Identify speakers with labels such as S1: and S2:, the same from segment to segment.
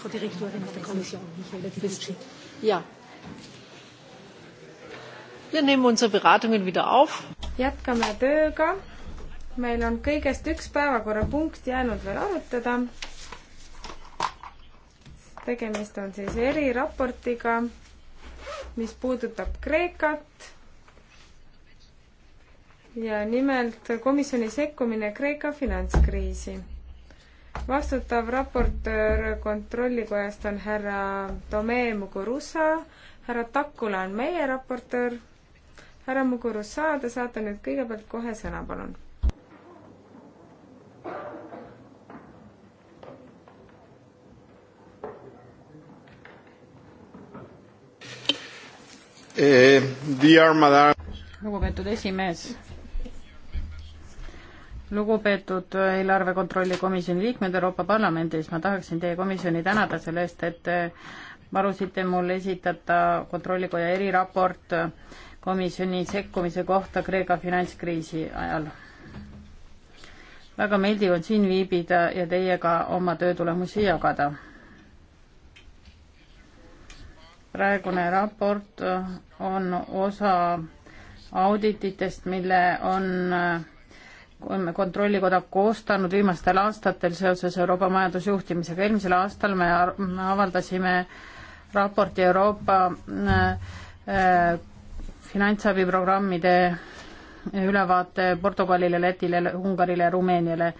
S1: Frau Direktorin der Kommission,
S2: Michaela Kvitschi. Ja. Wir nehmen unsere Beratungen wieder auf. Jätkame tööga. Meil on kõigest üks päevakorrapunkt jäänud veel arutada. Tegemist on siis eriraportiga, mis puudutab Kreekat ja nimelt komisjoni sekkumine Kreeka finantskriisi. vastutav raportöör Kontrollikojast on härra Tome Mugurusa, härra Takula on meie raportöör. härra Mugurusa, te saate nüüd kõigepealt kohe sõna, palun.
S1: Eh, dear madam lugupeetud esimees, lugupeetud eelarve kontrolli komisjoni liikmed Euroopa Parlamendis, ma tahaksin teie komisjoni tänada selle eest, et palusite mul esitada kontrollikoja eriraport komisjoni sekkumise kohta Kreeka finantskriisi ajal. väga meeldiv on siin viibida ja teiega oma töötulemusi jagada. praegune raport on osa audititest, mille on on Kontrollikoda koostanud viimastel aastatel seoses Euroopa majandusjuhtimisega. eelmisel aastal me avaldasime raporti Euroopa äh, äh, finantsabiprogrammide ülevaate Portugalile, Lätile, Ungarile ja Rumeeniale.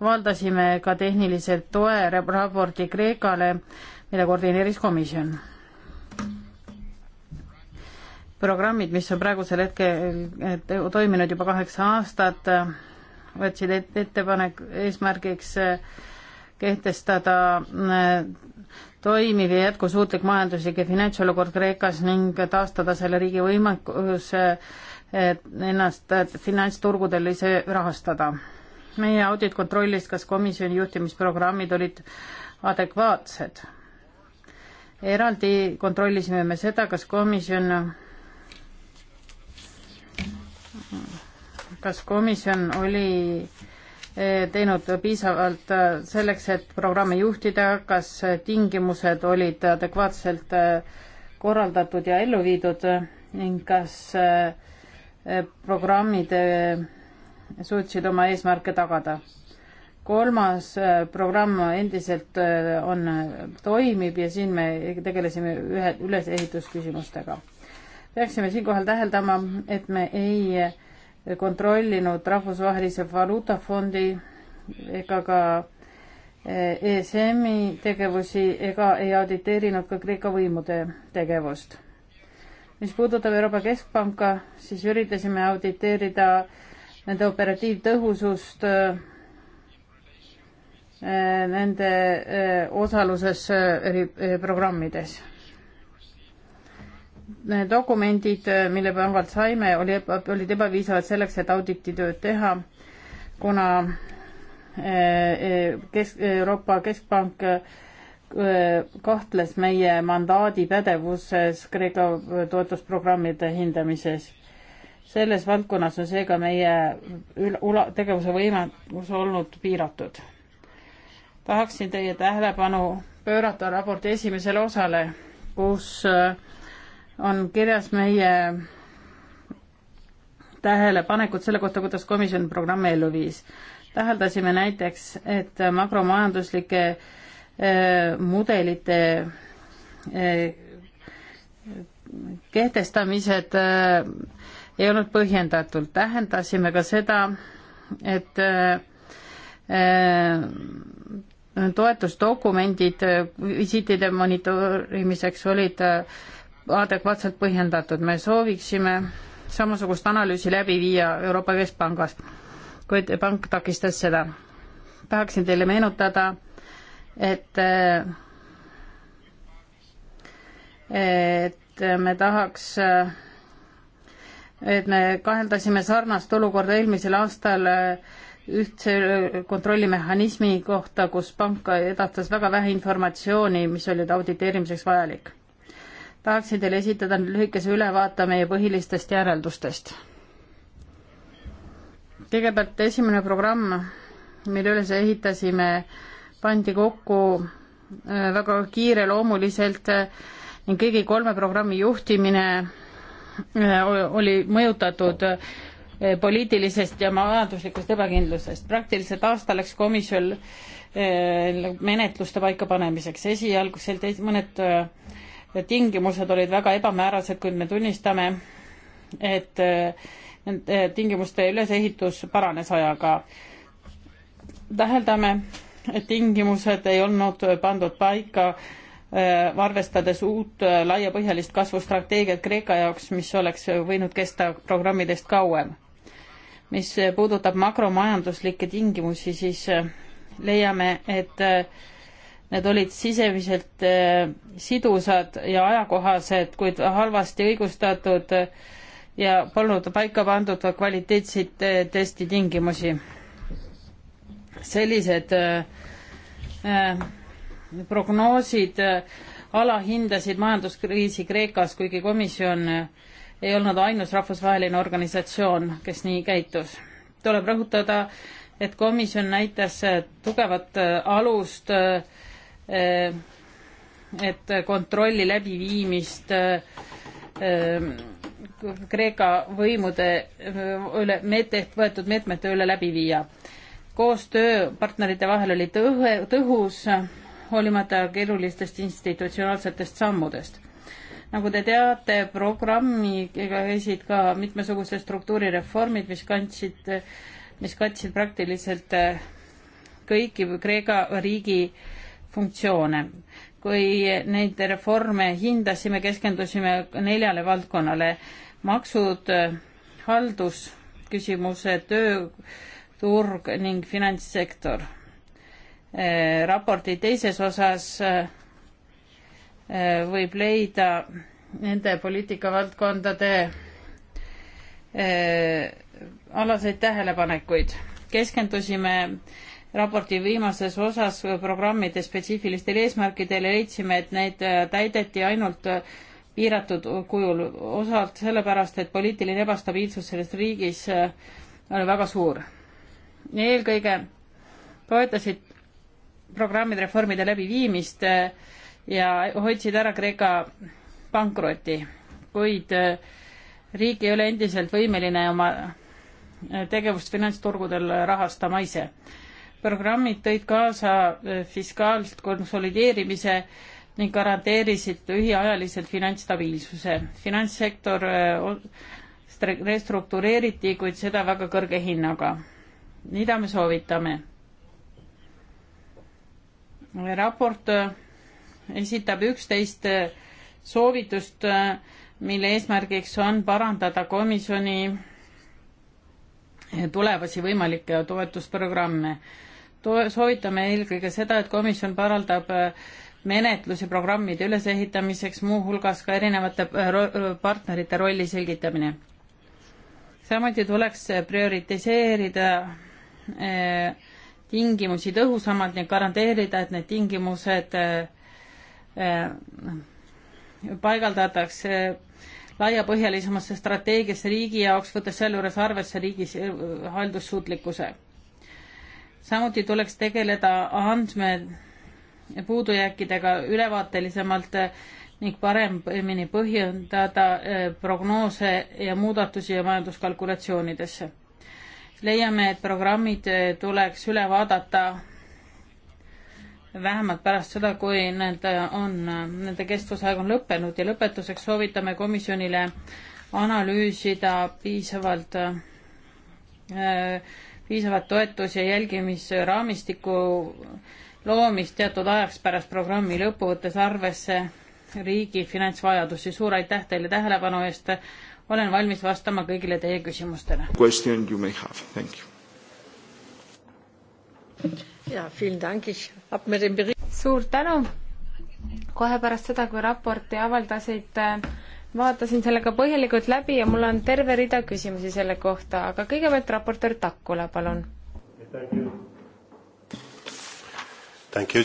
S1: avaldasime ka tehnilise toe raporti Kreekale, mida koordineeris komisjon. programmid, mis on praegusel hetkel toiminud juba kaheksa aastat, võtsid ettepanek eesmärgiks äh, kehtestada äh, toimiv ja jätkusuutlik majanduslik ja finantsolukord Kreekas ning taastada selle riigi võimekus äh, ennast finantsturgudel ise rahastada. meie audit kontrollis, kas komisjoni juhtimisprogrammid olid adekvaatsed. eraldi kontrollisime me seda, kas komisjon kas komisjon oli eh, teinud piisavalt eh, selleks, et programme juhtida, kas tingimused olid adekvaatselt eh, korraldatud ja ellu viidud ning kas programmid suutsid oma eesmärke tagada. kolmas programm endiselt on, toimib ja siin me tegelesime ühe, ülesehitusküsimustega. peaksime siinkohal täheldama, et me ei kontrollinud Rahvusvahelise Valuutafondi ega ka ESM-i eh, e tegevusi ega ei auditeerinud ka Kreeka võimude tegevust. mis puudutab Euroopa Keskpanka, siis üritasime auditeerida nende operatiivtõhusust, eh, nende eh, osaluses eri programmides dokumendid, mille pangalt saime, oli, olid ebapiisavad selleks, et auditi tööd teha, kuna eh, eh, kesk, Euroopa Keskpank eh, kahtles meie mandaadi pädevuses Kreeka toetusprogrammide hindamises. selles valdkonnas on seega meie ula-, tegevuse võimekus olnud piiratud. tahaksin teie tähelepanu pöörata raporti esimesele osale, kus äh, on kirjas meie tähelepanekud selle kohta, kuidas komisjon programmi ellu viis. täheldasime näiteks, et makromajanduslike eh, mudelite eh, kehtestamised eh, ei olnud põhjendatult, tähendasime ka seda, et toetusdokumendid visiitide monitoorimiseks olid äh, adekvaatselt põhjendatud. me sooviksime samasugust analüüsi läbi viia Euroopa Keskpangas, kuid pank takistas seda. tahaksin teile meenutada, et et me tahaks, et me kaheldasime sarnast olukorda eelmisel aastal ühtse kontrollimehhanismi kohta, kus pank edastas väga vähe informatsiooni, mis oli auditeerimiseks vajalik tahaksin teile esitada lühikese ülevaate meie põhilistest järeldustest. kõigepealt esimene programm, mille üles ehitasime, pandi kokku äh, väga kiireloomuliselt äh, ning kõigi kolme programmi juhtimine äh, oli mõjutatud poliitilisest ja majanduslikust ebakindlusest. praktiliselt aasta läks komisjon menetluste paikapanemiseks, esialgselt mõned tingimused olid väga ebamäärased, kuid me tunnistame, et nende tingimuste ülesehitus paranes ajaga. täheldame, et tingimused ei olnud pandud paika äh, arvestades uut äh, laiapõhjalist kasvustrateegiat Kreeka jaoks, mis oleks võinud kesta programmidest kauem. mis puudutab makromajanduslikke tingimusi, siis äh, leiame, et Need olid sisemiselt äh, sidusad ja ajakohased, kuid halvasti õigustatud ja polnud paika pandud kvaliteetseid äh, testi tingimusi. sellised äh, prognoosid alahindasid majanduskriisi Kreekas, kuigi komisjon ei olnud ainus rahvusvaheline organisatsioon, kes nii käitus. tuleb rõhutada, et komisjon näitas tugevat alust äh, Ehm, et kontrolli läbiviimist ehm, Kreeka võimude ehm, üle meet, võetud meetmete üle läbi viia. koostöö partnerite vahel oli tõhe, tõhus, hoolimata keerulistest institutsionaalsetest sammudest. nagu te teate, programmiga käisid ka mitmesugused struktuurireformid, mis kandsid, mis katsid praktiliselt eh, kõiki Kreeka riigi äh, funktsioone. kui neid reforme hindasime, keskendusime neljale valdkonnale maksud, haldus, küsimused, tööturg ning finantssektor. raporti teises osas võib leida nende poliitikavaldkondade äh, alaseid tähelepanekuid. keskendusime raporti viimases osas programmide spetsiifilistel eesmärkidel ja leidsime, et neid äh, täideti ainult äh, piiratud kujul, osalt sellepärast, et poliitiline ebastabiilsus selles riigis äh, oli väga suur. eelkõige toetasid programmide reformide läbiviimist ja hoidsid ära Kreeka pankroti, kuid riik ei ole endiselt võimeline oma tegevust finantsturgudel rahastama ise programmid tõid kaasa eh, fiskaalset konsolideerimise ning garanteerisid lühiajaliselt finantsstabiilsuse. finantssektor eh, restruktureeriti, kuid seda väga kõrge hinnaga. mida me soovitame? raport eh, esitab üksteist soovitust, mille eesmärgiks on parandada komisjoni tulevasi võimalikke toetusprogramme soovitame eelkõige seda, et komisjon paraldab äh, menetlusi programmide ülesehitamiseks, muuhulgas ka erinevate äh, äh, partnerite rolli selgitamine. samuti tuleks prioritiseerida tingimusi tõhusamalt ning garanteerida, et need tingimused paigaldatakse laiapõhjalisemasse strateegiasse riigi jaoks, võttes sealjuures arvesse riigi haldussuutlikkuse samuti tuleks tegeleda andme puudujääkidega ülevaatelisemalt ning paremini põhjendada eh, prognoose ja muudatusi majanduskalkulatsioonidesse. leiame, et programmid eh, tuleks üle vaadata vähemalt pärast seda, kui need on, nende kestvusaeg on lõppenud ja lõpetuseks soovitame komisjonile analüüsida piisavalt äh, piisavat toetus- ja jälgimisraamistiku loomist teatud ajaks pärast programmi lõppu, võttes arvesse riigi finantsvajadusi. suur aitäh teile tähelepanu eest, olen valmis vastama kõigile teie küsimustele.
S2: suur tänu! kohe pärast seda, kui raporti avaldasid äh, vaatasin selle ka põhjalikult läbi ja mul on terve rida küsimusi selle kohta, aga kõigepealt raportöör Takula, palun. Like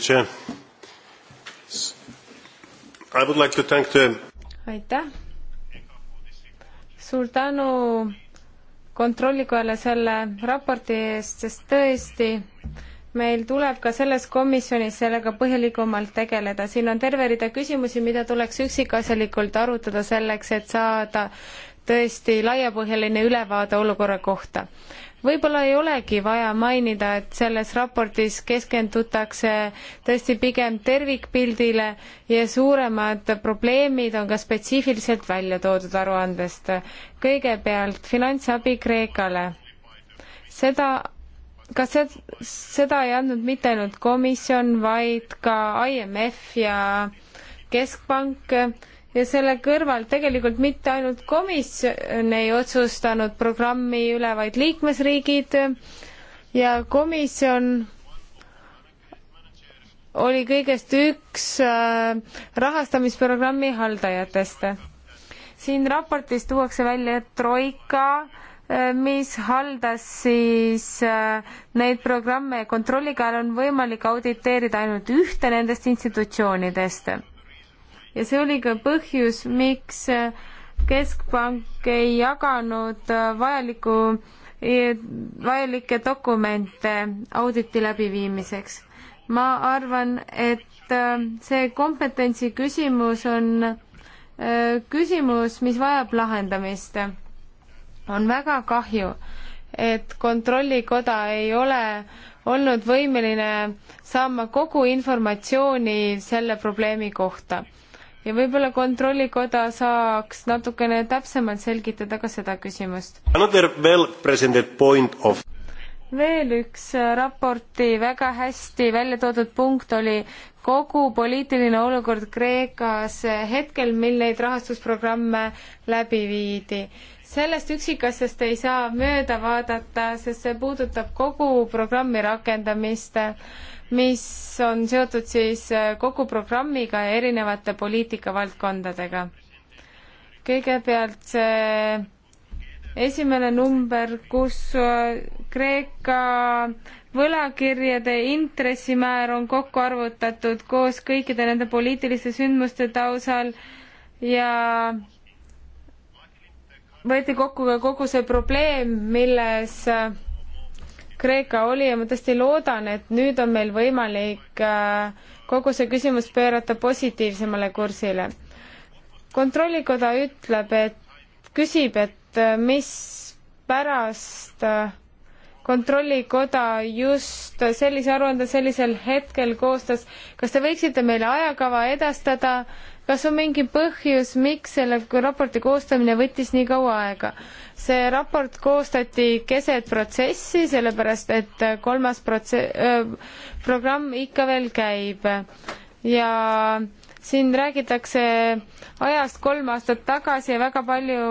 S2: aitäh. suur tänu kontrollikojale selle raporti eest, sest tõesti meil tuleb ka selles komisjonis sellega põhjalikumalt tegeleda. siin on terve rida küsimusi, mida tuleks üksikasjalikult arutada selleks, et saada tõesti laiapõhjaline ülevaade olukorra kohta. võib-olla ei olegi vaja mainida, et selles raportis keskendutakse tõesti pigem tervikpildile ja suuremad probleemid on ka spetsiifiliselt välja toodud aruandest. kõigepealt finantsabi Kreekale seda kas see, seda ei andnud mitte ainult komisjon, vaid ka IMF ja Keskpank ja selle kõrval tegelikult mitte ainult komisjon ei otsustanud programmi üle, vaid liikmesriigid ja komisjon oli kõigest üks äh, rahastamisprogrammi haldajatest. siin raportis tuuakse välja, et Troika mis haldas siis äh, neid programme ja kontrolliga on võimalik auditeerida ainult ühte nendest institutsioonidest. ja see oli ka põhjus, miks äh, keskpank ei jaganud äh, vajalikku, e, vajalikke dokumente auditi läbiviimiseks. ma arvan, et see kompetentsi küsimus on küsimus, mis vajab lahendamist on väga kahju, et Kontrollikoda ei ole olnud võimeline saama kogu informatsiooni selle probleemi kohta. ja võib-olla Kontrollikoda saaks natukene täpsemalt selgitada ka seda küsimust. Of... veel üks äh, raporti väga hästi välja toodud punkt oli kogu poliitiline olukord Kreekas äh, hetkel, mil neid rahastusprogramme läbi viidi sellest üksikasjast ei saa mööda vaadata, sest see puudutab kogu programmi rakendamist, mis on seotud siis äh, kogu programmiga ja erinevate poliitikavaldkondadega. kõigepealt see äh, esimene number, kus äh, Kreeka võlakirjade intressimäär on kokku arvutatud koos kõikide nende poliitiliste sündmuste tausal ja võeti kokku ka kogu see probleem, milles äh, Kreeka oli ja ma tõesti loodan, et nüüd on meil võimalik äh, kogu see küsimus pöörata positiivsemale kursile. kontrollikoda ütleb, et, küsib, et äh, mis pärast kontrollikoda just sellise aruande sellisel hetkel koostas, kas te võiksite meile ajakava edastada, kas on mingi põhjus, miks selle raporti koostamine võttis nii kaua aega? see raport koostati keset protsessi, sellepärast et kolmas protse-, äh, programm ikka veel käib ja siin räägitakse ajast kolm aastat tagasi ja väga palju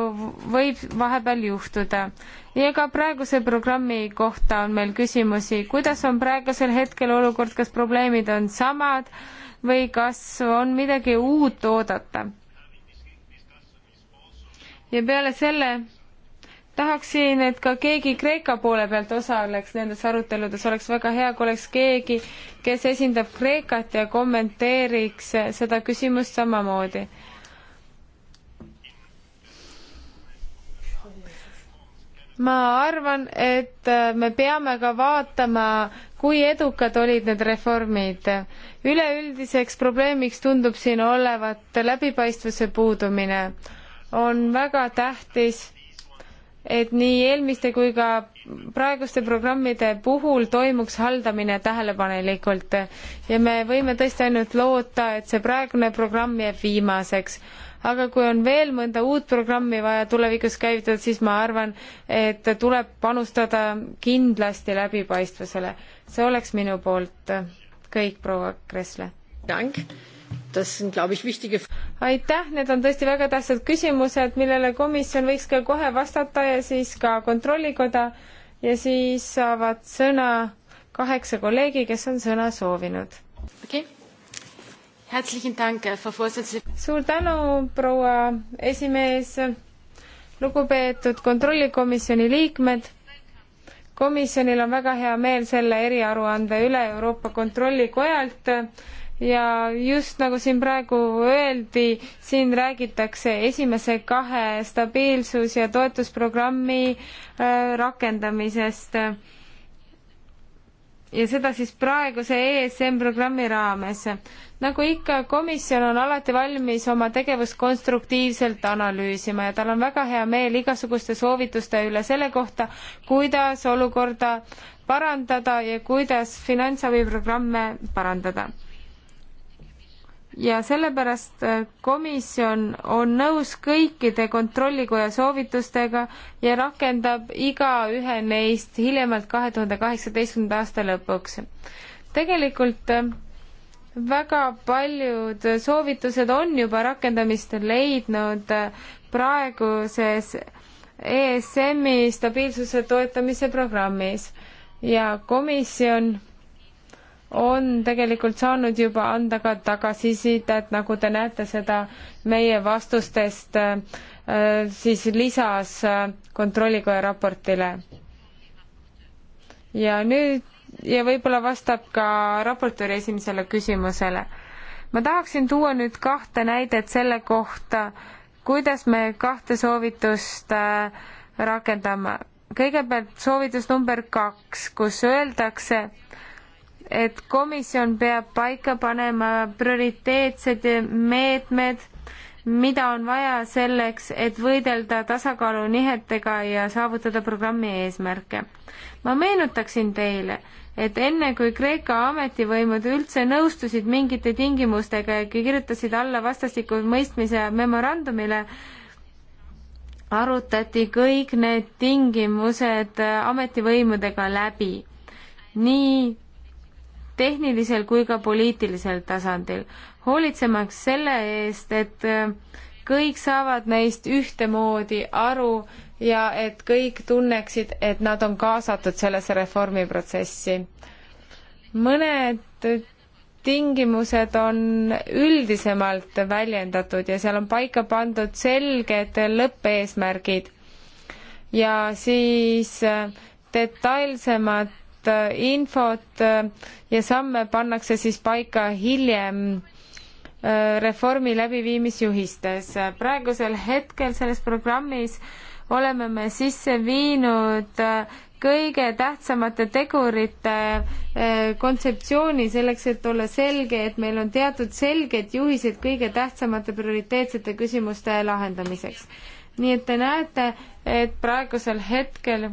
S2: võib vahepeal juhtuda ja ka praeguse programmi kohta on meil küsimusi, kuidas on praegusel hetkel olukord, kas probleemid on samad või kas on midagi uut oodata? ja peale selle tahaksin, et ka keegi Kreeka poole pealt osaleks nendes aruteludes, oleks väga hea, kui oleks keegi, kes esindab Kreekat ja kommenteeriks seda küsimust samamoodi ma arvan, et äh, me peame ka vaatama, kui edukad olid need reformid. üleüldiseks probleemiks tundub siin olevat läbipaistvuse puudumine. on väga tähtis, et nii eelmiste kui ka praeguste programmide puhul toimuks haldamine tähelepanelikult ja me võime tõesti ainult loota, et see praegune programm jääb viimaseks aga kui on veel mõnda uut programmi vaja tulevikus käivitada, siis ma arvan, et tuleb panustada kindlasti läbipaistvusele. see oleks minu poolt kõik, proua Kressle. aitäh, need on tõesti väga tähtsad küsimused, millele komisjon võiks ka kohe vastata ja siis ka Kontrollikoda ja siis saavad sõna kaheksa kolleegi, kes on sõna soovinud. okei okay Äh, suur tänu, proua esimees, lugupeetud kontrollikomisjoni liikmed. komisjonil on väga hea meel selle eriaruande üle Euroopa Kontrollikojalt ja just nagu siin praegu öeldi, siin räägitakse esimese kahe stabiilsus- ja toetusprogrammi äh, rakendamisest. ja seda siis praeguse ESM programmi raames nagu ikka, komisjon on alati valmis oma tegevust konstruktiivselt analüüsima ja tal on väga hea meel igasuguste soovituste üle selle kohta, kuidas olukorda parandada ja kuidas finantsabiprogramme parandada ja sellepärast äh, komisjon on nõus kõikide kontrollikoja soovitustega ja rakendab igaühe neist hiljemalt kahe tuhande kaheksateistkümnenda aasta lõpuks. tegelikult äh, väga paljud soovitused on juba rakendamist leidnud praeguses ESM-i stabiilsuse toetamise programmis ja komisjon on tegelikult saanud juba anda ka tagasisidet, nagu te näete seda meie vastustest äh, siis lisas äh, kontrollikoja raportile. ja nüüd ja võib-olla vastab ka raportööri esimesele küsimusele. ma tahaksin tuua nüüd kahte näidet selle kohta, kuidas me kahte soovitust äh, rakendame. kõigepealt soovitus number kaks, kus öeldakse, et komisjon peab paika panema prioriteetsed meetmed, mida on vaja selleks, et võidelda tasakaalunihetega ja saavutada programmi eesmärke. ma meenutaksin teile, et enne kui Kreeka ametivõimud üldse nõustusid mingite tingimustega ja kirjutasid alla vastastikku mõistmise memorandumile, arutati kõik need tingimused ametivõimudega läbi, nii tehnilisel kui ka poliitilisel tasandil, hoolitsemaks selle eest, et kõik saavad neist ühtemoodi aru ja et kõik tunneksid, et nad on kaasatud sellesse reformiprotsessi. mõned tingimused on üldisemalt väljendatud ja seal on paika pandud selged lõppeesmärgid ja siis äh, detailsemad äh, infot äh, ja samme pannakse siis paika hiljem reformi läbiviimisjuhistes. praegusel hetkel selles programmis oleme me sisse viinud äh, kõige tähtsamate tegurite äh, kontseptsiooni selleks, et olla selge, et meil on teatud selged juhised kõige tähtsamate prioriteetsete küsimuste lahendamiseks. nii et te näete, et praegusel hetkel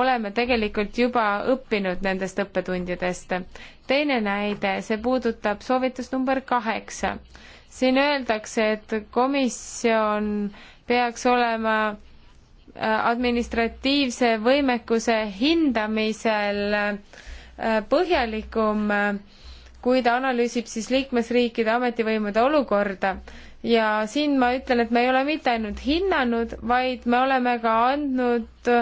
S2: oleme tegelikult juba õppinud nendest õppetundidest. teine näide, see puudutab soovitust number kaheksa. siin öeldakse, et komisjon peaks olema Äh, administratiivse võimekuse hindamisel äh, põhjalikum, äh, kui ta analüüsib siis liikmesriikide ametivõimude olukorda. ja siin ma ütlen, et me ei ole mitte ainult hinnanud, vaid me oleme ka andnud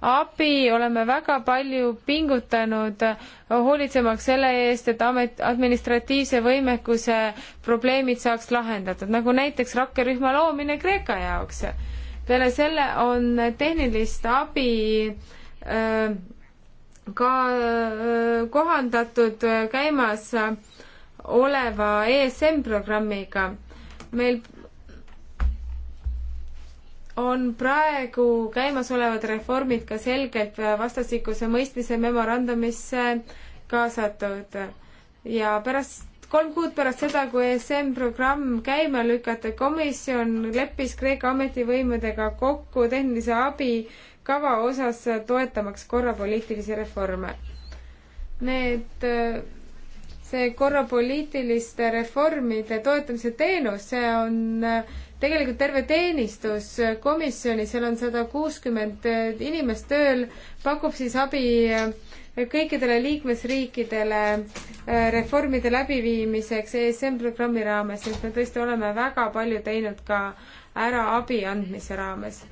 S2: abi, oleme väga palju pingutanud, hoolitsemaks selle eest, et amet, administratiivse võimekuse probleemid saaks lahendatud, nagu näiteks rakkerühma loomine Kreeka jaoks peale selle on tehnilist abi äh, ka äh, kohandatud äh, käimas oleva ESM programmiga. meil on praegu käimasolevad reformid ka selgelt vastastikuse mõistmise memorandumisse kaasatud ja pärast kolm kuud pärast seda, kui ESM programm käima lükati, komisjon leppis Kreeka ametivõimudega kokku tehnilise abi kava osas toetamaks korra poliitilisi reforme. Need see korra poliitiliste reformide toetamise teenus, see on äh, tegelikult terve teenistus komisjoni, seal on sada kuuskümmend äh, inimest tööl, pakub siis abi äh, kõikidele liikmesriikidele reformide läbiviimiseks ESM programmi raames, sest me tõesti oleme väga palju teinud ka ära abi andmise raames.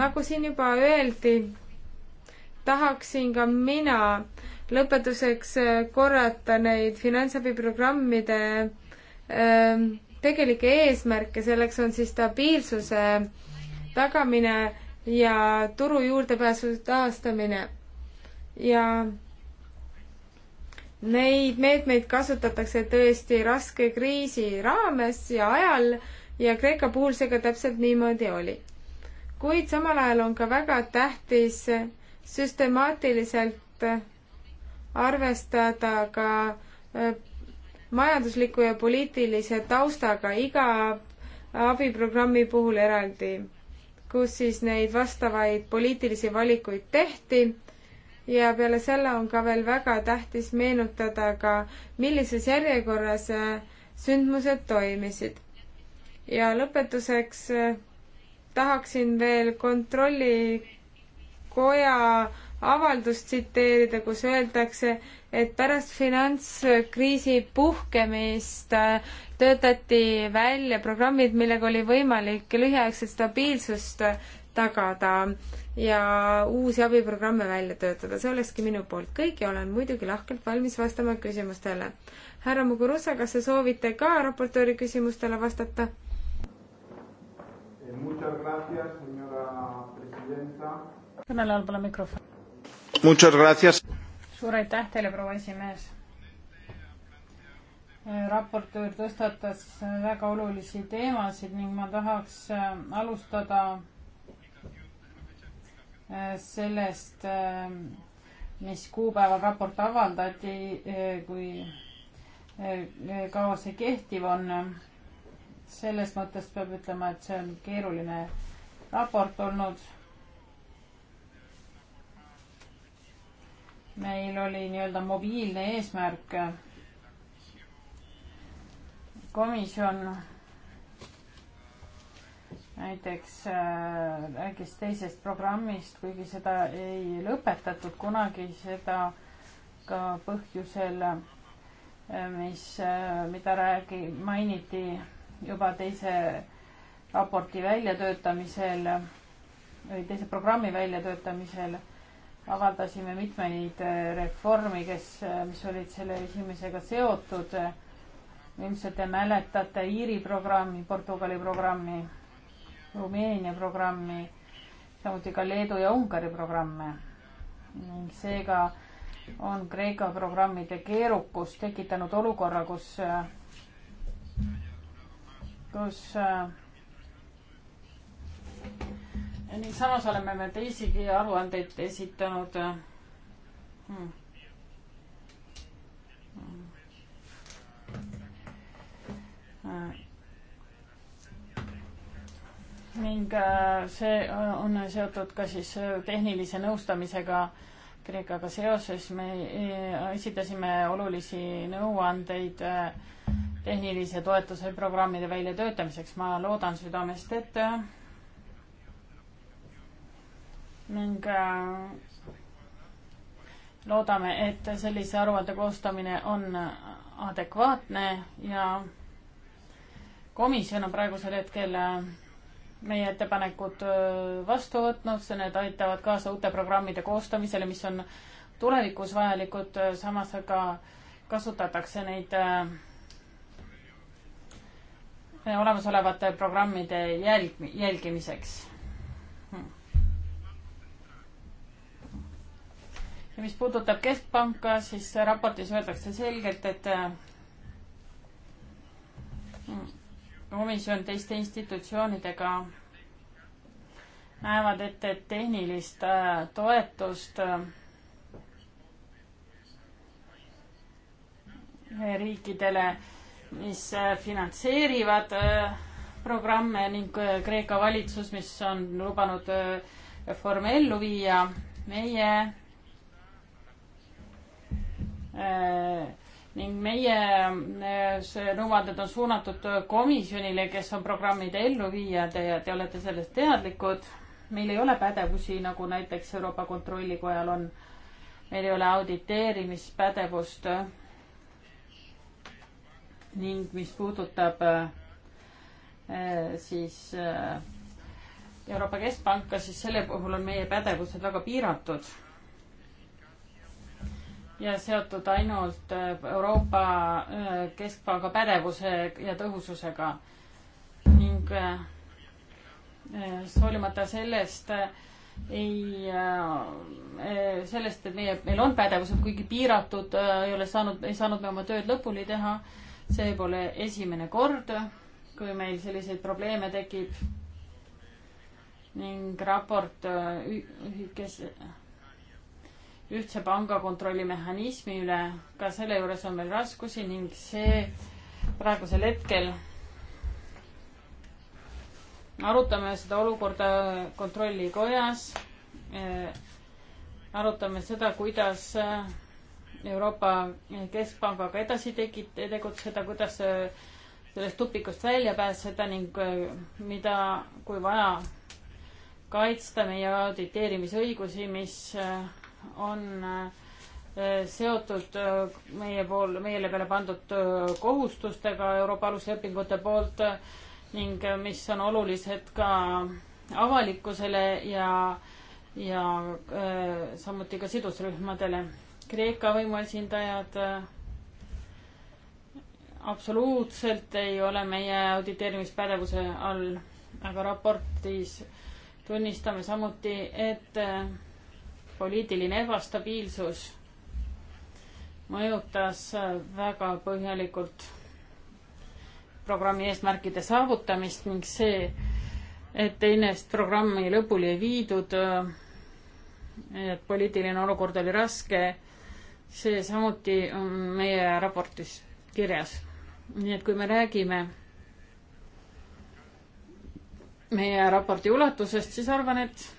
S2: nagu siin juba öeldi, tahaksin ka mina lõpetuseks äh, korrata neid finantsabiprogrammide ähm, tegelikke eesmärke, selleks on siis stabiilsuse tagamine ja turu juurdepääsu taastamine. ja neid meetmeid kasutatakse tõesti raske kriisi raames ja ajal ja Kreeka puhul see ka täpselt niimoodi oli. kuid samal ajal on ka väga tähtis süstemaatiliselt arvestada ka äh, majandusliku ja poliitilise taustaga iga abiprogrammi puhul eraldi, kus siis neid vastavaid poliitilisi valikuid tehti ja peale selle on ka veel väga tähtis meenutada ka, millises järjekorras äh, sündmused toimisid. ja lõpetuseks äh, tahaksin veel kontrollikoja avaldust tsiteerida, kus öeldakse, et pärast finantskriisi puhkemist äh, töötati välja programmid, millega oli võimalik lühiaegset stabiilsust äh, tagada ja uusi abiprogramme välja töötada. see olekski minu poolt kõik ja olen muidugi lahkelt valmis vastama küsimustele. härra Mugurusa, kas te soovite ka raportööri küsimustele vastata?
S1: Eh, kõnelejal pole mikrofon
S3: suur
S2: aitäh
S1: teile, proua esimees. raportöör tõstatas väga olulisi teemasid ning ma tahaks äh, alustada äh, sellest, äh, mis kuupäeval raport avaldati, kui kaua see kehtiv on. selles mõttes peab ütlema, et see on keeruline raport olnud meil oli nii-öelda mobiilne eesmärk. komisjon näiteks äh, rääkis teisest programmist, kuigi seda ei lõpetatud kunagi, seda ka põhjusel, äh, mis, äh, mida räägi, mainiti juba teise raporti väljatöötamisel või teise programmi väljatöötamisel avaldasime mitmeid äh, reformi, kes, äh, mis olid selle esimesega seotud. ilmselt te mäletate Iiri programmi, Portugali programmi, Rumeenia programmi, samuti ka Leedu ja Ungari programme. ning seega on Kreeka programmide keerukus tekitanud olukorra, kus, äh, kus ning samas oleme me teisigi aruandeid esitanud hmm.. hmm. ning äh, see on seotud ka siis äh, tehnilise nõustamisega Kreekaga seoses. me äh, esitasime olulisi nõuandeid tehnilise toetuse programmide väljatöötamiseks. ma loodan südamest, et ning äh, loodame, et sellise aruande koostamine on adekvaatne ja komisjon on praegusel hetkel äh, meie ettepanekud äh, vastu võtnud, need aitavad kaasa uute programmide koostamisele, mis on tulevikus vajalikud, samas aga kasutatakse neid olemasolevate programmide jälg, jälgimiseks. ja mis puudutab keskpanka, siis raportis öeldakse selgelt, et äh, komisjon teiste institutsioonidega näevad ette et tehnilist äh, toetust äh, riikidele, mis finantseerivad programme ning Kreeka valitsus, mis on lubanud reforme ellu viia. meie Äh, ning meie äh, see nõuanded on suunatud komisjonile, kes on programmide elluviijad ja te olete sellest teadlikud. meil ei ole pädevusi, nagu näiteks Euroopa Kontrollikojal on. meil ei ole auditeerimispädevust. ning mis puudutab äh, siis Euroopa Keskpanka, siis selle puhul on meie pädevused väga piiratud ja seotud ainult äh, Euroopa äh, Keskpanga pädevuse ja tõhususega ning äh, hoolimata sellest ei, sellest, et meie, meil on pädevused kuigi piiratud, ei ole saanud, ei saanud me oma tööd lõpuni teha. see pole esimene kord, kui meil selliseid probleeme tekib. ning raport, kes ühtse pangakontrolli mehhanismi üle, ka selle juures on meil raskusi ning see praegusel hetkel arutame seda olukorda kontrollikojas, äh, arutame seda, kuidas äh, Euroopa Keskpangaga edasi tegid, tegutseda, kuidas äh, sellest tupikust välja pääseda ning mida, kui vaja, kaitsta meie auditeerimisõigusi, mis on äh, seotud äh, meie pool, meile peale pandud äh, kohustustega Euroopa aluslepingute poolt ning mis on olulised ka avalikkusele ja, ja samuti ka sidusrühmadele. Kreeka võimuesindajad absoluutselt ei ole meie auditeerimispädevuse all, aga raportis tunnistame samuti, et poliitiline ebastabiilsus mõjutas väga põhjalikult programmi eesmärkide saavutamist ning see, et teist programmi lõpuni ei viidud, et poliitiline olukord oli raske, see samuti on meie raportis kirjas. nii et kui me räägime meie raporti ulatusest, siis arvan, et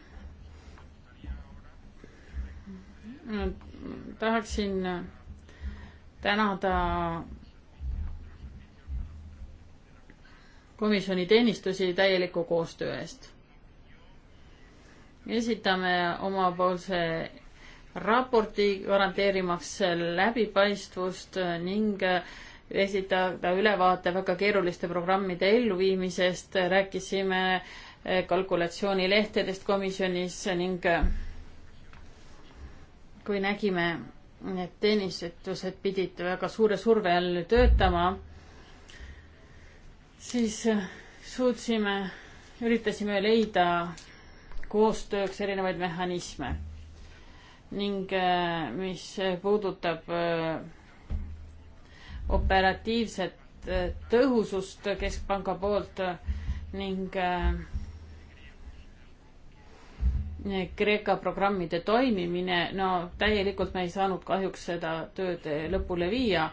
S1: tahaksin tänada komisjoni teenistusi täieliku koostöö eest. esitame omapoolse raporti garanteerimaks läbipaistvust ning esitada ülevaate väga keeruliste programmide elluviimisest, rääkisime kalkulatsioonilehtedest komisjonis ning kui nägime, et teenistused pidid väga suure surve all töötama, siis äh, suutsime, üritasime leida koostööks erinevaid mehhanisme ning äh, mis puudutab äh, operatiivset tõhusust Keskpanga poolt ning Kreeka programmide toimimine, no täielikult me ei saanud kahjuks seda tööd lõpule viia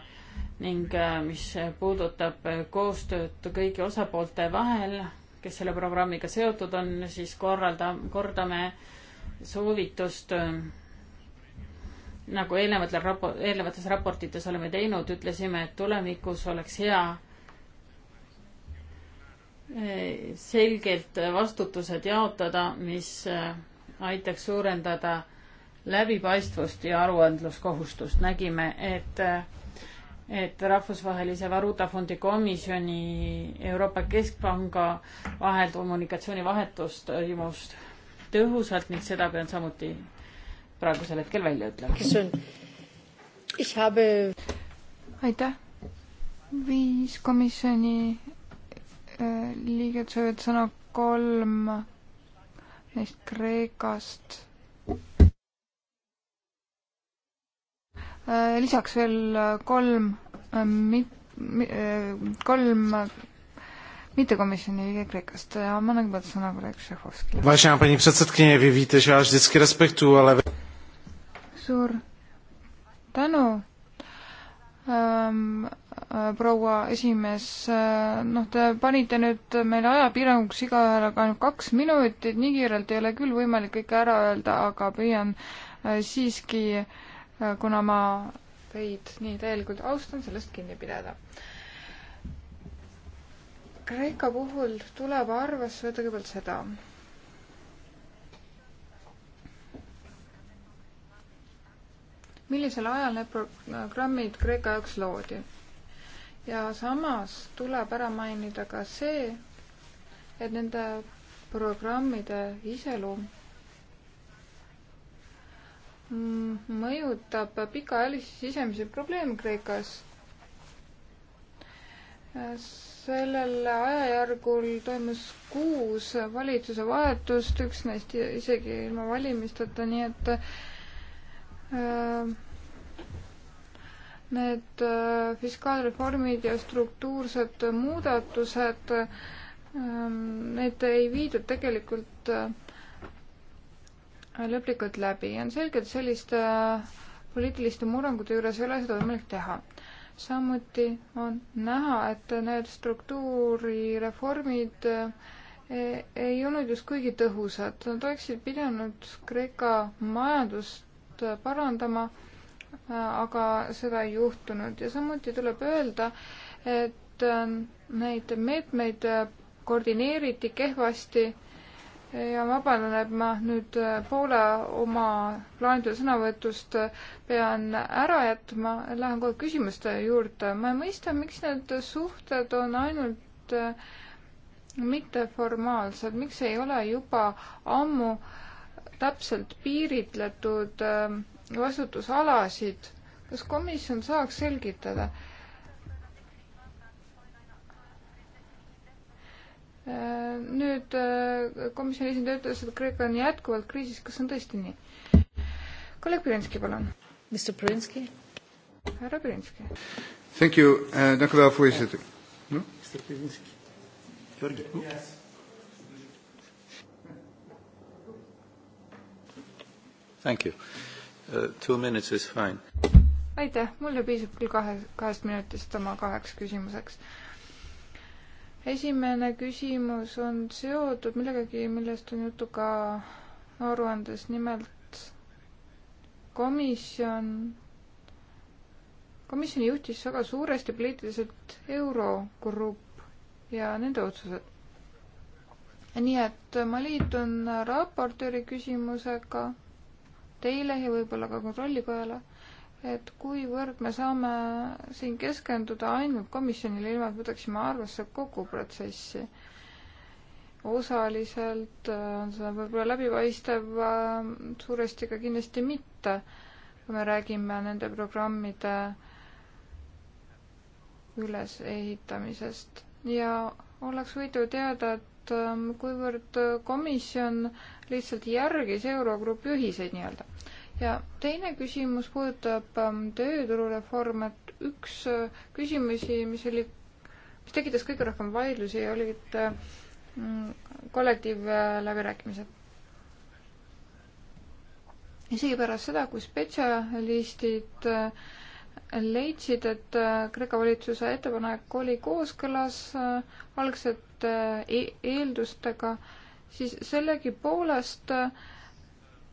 S1: ning äh, mis puudutab koostööd kõigi osapoolte vahel, kes selle programmiga seotud on, siis korralda, kordame soovitust äh, nagu eelnevatel rapo-, eelnevates raportites oleme teinud, ütlesime, et tulevikus oleks hea äh, selgelt vastutused jaotada, mis aitaks suurendada läbipaistvust ja aruandluskohustust. nägime, et, et Rahvusvahelise Valuutafondi komisjoni Euroopa Keskpanga vahel kommunikatsioonivahetus toimus tõhusalt ning seda pean samuti praegusel hetkel välja ütlema.
S3: aitäh. viis komisjoni äh, liiget soovivad sõna kolm neist Kreekast. Äh, lisaks veel äh, kolm äh, mit-, kolm mittekomisjoni liige Kreekast. ma annan kõigepealt sõna kolleeg Šefovskile. Vážená paní předsedkyně, vy víte, že já vždycky respektuju, ale... Suur tänu ähm,. Äh, proua esimees, äh, noh, te panite nüüd meile ajapiiranguks igaühele ka ainult kaks minutit, nii kiirelt ei ole küll võimalik kõike ära öelda, aga püüan äh, siiski, kuna ma teid nii täielikult austan, sellest kinni pidada. Kreeka puhul tuleb arvesse võtta kõigepealt seda, millisel ajal need programmid Kreeka jaoks loodi ja samas tuleb ära mainida ka see, et nende programmide iseloom mõjutab pikaajalisi sisemisi probleeme Kreekas. sellel ajajärgul toimus kuus valitsuse vahetust, üks neist isegi ilma valimisteta, nii et äh, need äh, fiskaalreformid ja struktuursed muudatused, ähm, need ei viidud tegelikult äh, lõplikult läbi ja on selge, et selliste äh, poliitiliste murrangute juures ei ole seda võimalik teha. samuti on näha, et need struktuurireformid e, ei olnud just kuigi tõhusad, nad oleksid pidanud Kreeka majandust parandama aga seda ei juhtunud ja samuti tuleb öelda, et ähm, neid meetmeid äh, koordineeriti kehvasti ja vabandan, et ma nüüd äh, poole oma plaanitud sõnavõtust äh, pean ära jätma, lähen kohe küsimuste juurde. ma ei mõista, miks need suhted on ainult mitteformaalsed, miks ei ole juba ammu täpselt piiritletud äh, vastutusalasid. kas komisjon saaks selgitada? nüüd äh, komisjoni esindaja ütles, et Kreeka on jätkuvalt kriisis, kas on tõesti nii? kolleeg Pirinski, palun. Mr Pirinski. härra Pirinski. Thank you uh,, tänan väga põhiliselt no?. Mr Pirinski. Georgi yes.. Thank you uh,. Two minutes is fine. aitäh, mulle piisab küll kahe, kahest minutist oma kaheks küsimuseks. esimene küsimus on seotud millegagi, millest on juttu ka aruandes, nimelt komisjon, komisjoni juhtis väga suuresti poliitiliselt Eurogrupp ja nende otsused nii et ma liitun raportööri küsimusega teile ja võib-olla ka kontrollikojale, et kuivõrd me saame siin keskenduda ainult komisjonile, ilma et võtaksime arvesse kogu protsessi. osaliselt äh, on see võib-olla läbipaistev, äh, suuresti ka kindlasti mitte, kui me räägime nende programmide ülesehitamisest ja oleks võidu teada, et et ähm, kuivõrd komisjon lihtsalt järgis Eurogrupi ühiseid nii-öelda. ja teine küsimus puudutab ähm, tööturureforme, et üks äh, küsimusi, mis oli, mis tekitas kõige rohkem vaidlusi, olid äh, mm, kollektiivläbirääkimised. isegi pärast seda, kui spetsialistid äh, leidsid, et Kreeka valitsuse ettepanek oli kooskõlas algset teatud äh, e-, eeldustega, siis sellegipoolest äh,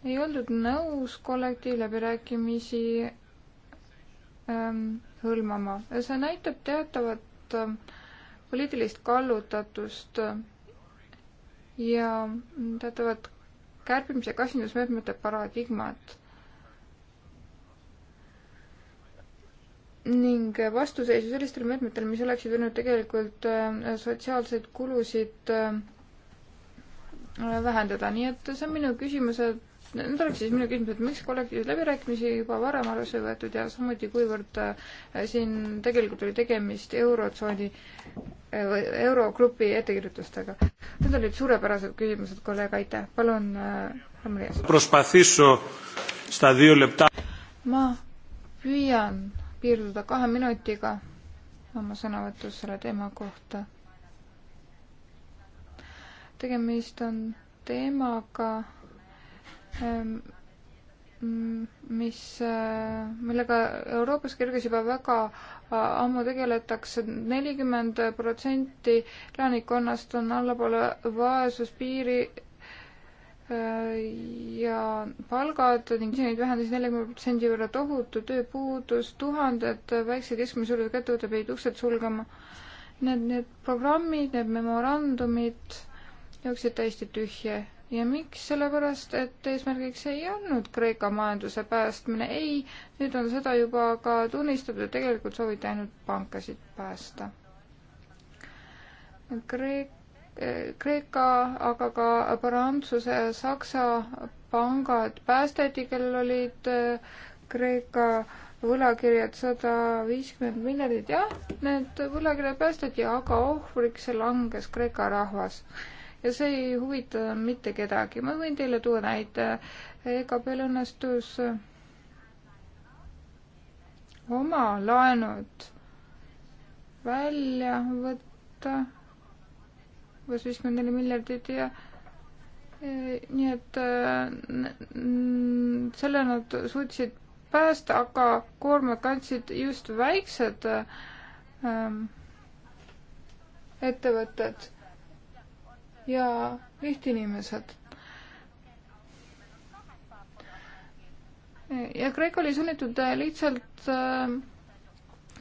S3: ei oldud nõus kollektiivläbirääkimisi ähm, hõlmama ja see näitab teatavat äh, poliitilist kallutatust äh, ja teatavat kärbimise kasindusmeetmete paradigmat ning vastuseisu sellistele meetmetele, mis oleksid võinud tegelikult äh, sotsiaalseid kulusid äh, vähendada, nii et see on minu küsimus, et need oleks siis minu küsimus, et miks kollektiivseid läbirääkimisi juba varem arvesse võetud ja samuti kuivõrd äh, siin tegelikult oli tegemist eurotsooni, eurogrupi ettekirjutustega. Need olid suurepärased küsimused, kolleeg, aitäh, palun Hamri
S1: ees.
S3: ma püüan piirduda kahe minutiga oma sõnavõtus selle teema kohta. tegemist on teemaga, ähm, mm, mis, äh, millega Euroopas, Kirgis juba väga äh, ammu tegeletakse, nelikümmend protsenti elanikkonnast on allapoole vaesuspiiri Äh, ja palgad ning neid vähendas neljakümne protsendi võrra tohutu tööpuudus, tuhanded väikse keskmise suurusega ettevõtted pidid uksed sulgema. Need, need programmid, need memorandumid jooksid täiesti tühje ja miks, sellepärast et eesmärgiks ei olnud Kreeka majanduse päästmine, ei, nüüd on seda juba ka tunnistatud, tegelikult sooviti ainult pankasid päästa. Kreek-, Kreeka, aga ka Prantsuse ja Saksa pangad päästeti, kellel olid äh, Kreeka võlakirjad sada viiskümmend miljardit, jah, need võlakirjad päästeti, aga ohvriks langes Kreeka rahvas. ja see ei huvita mitte kedagi, ma võin teile tuua näite, EKP-l õnnestus äh, oma laenud välja võtta umbes viiskümmend neli miljardit ja e, nii et e, selle nad suutsid päästa, aga koormat kandsid just väiksed ähm, ettevõtted ja lihtinimesed. ja Kreeka oli sunnitud lihtsalt äh,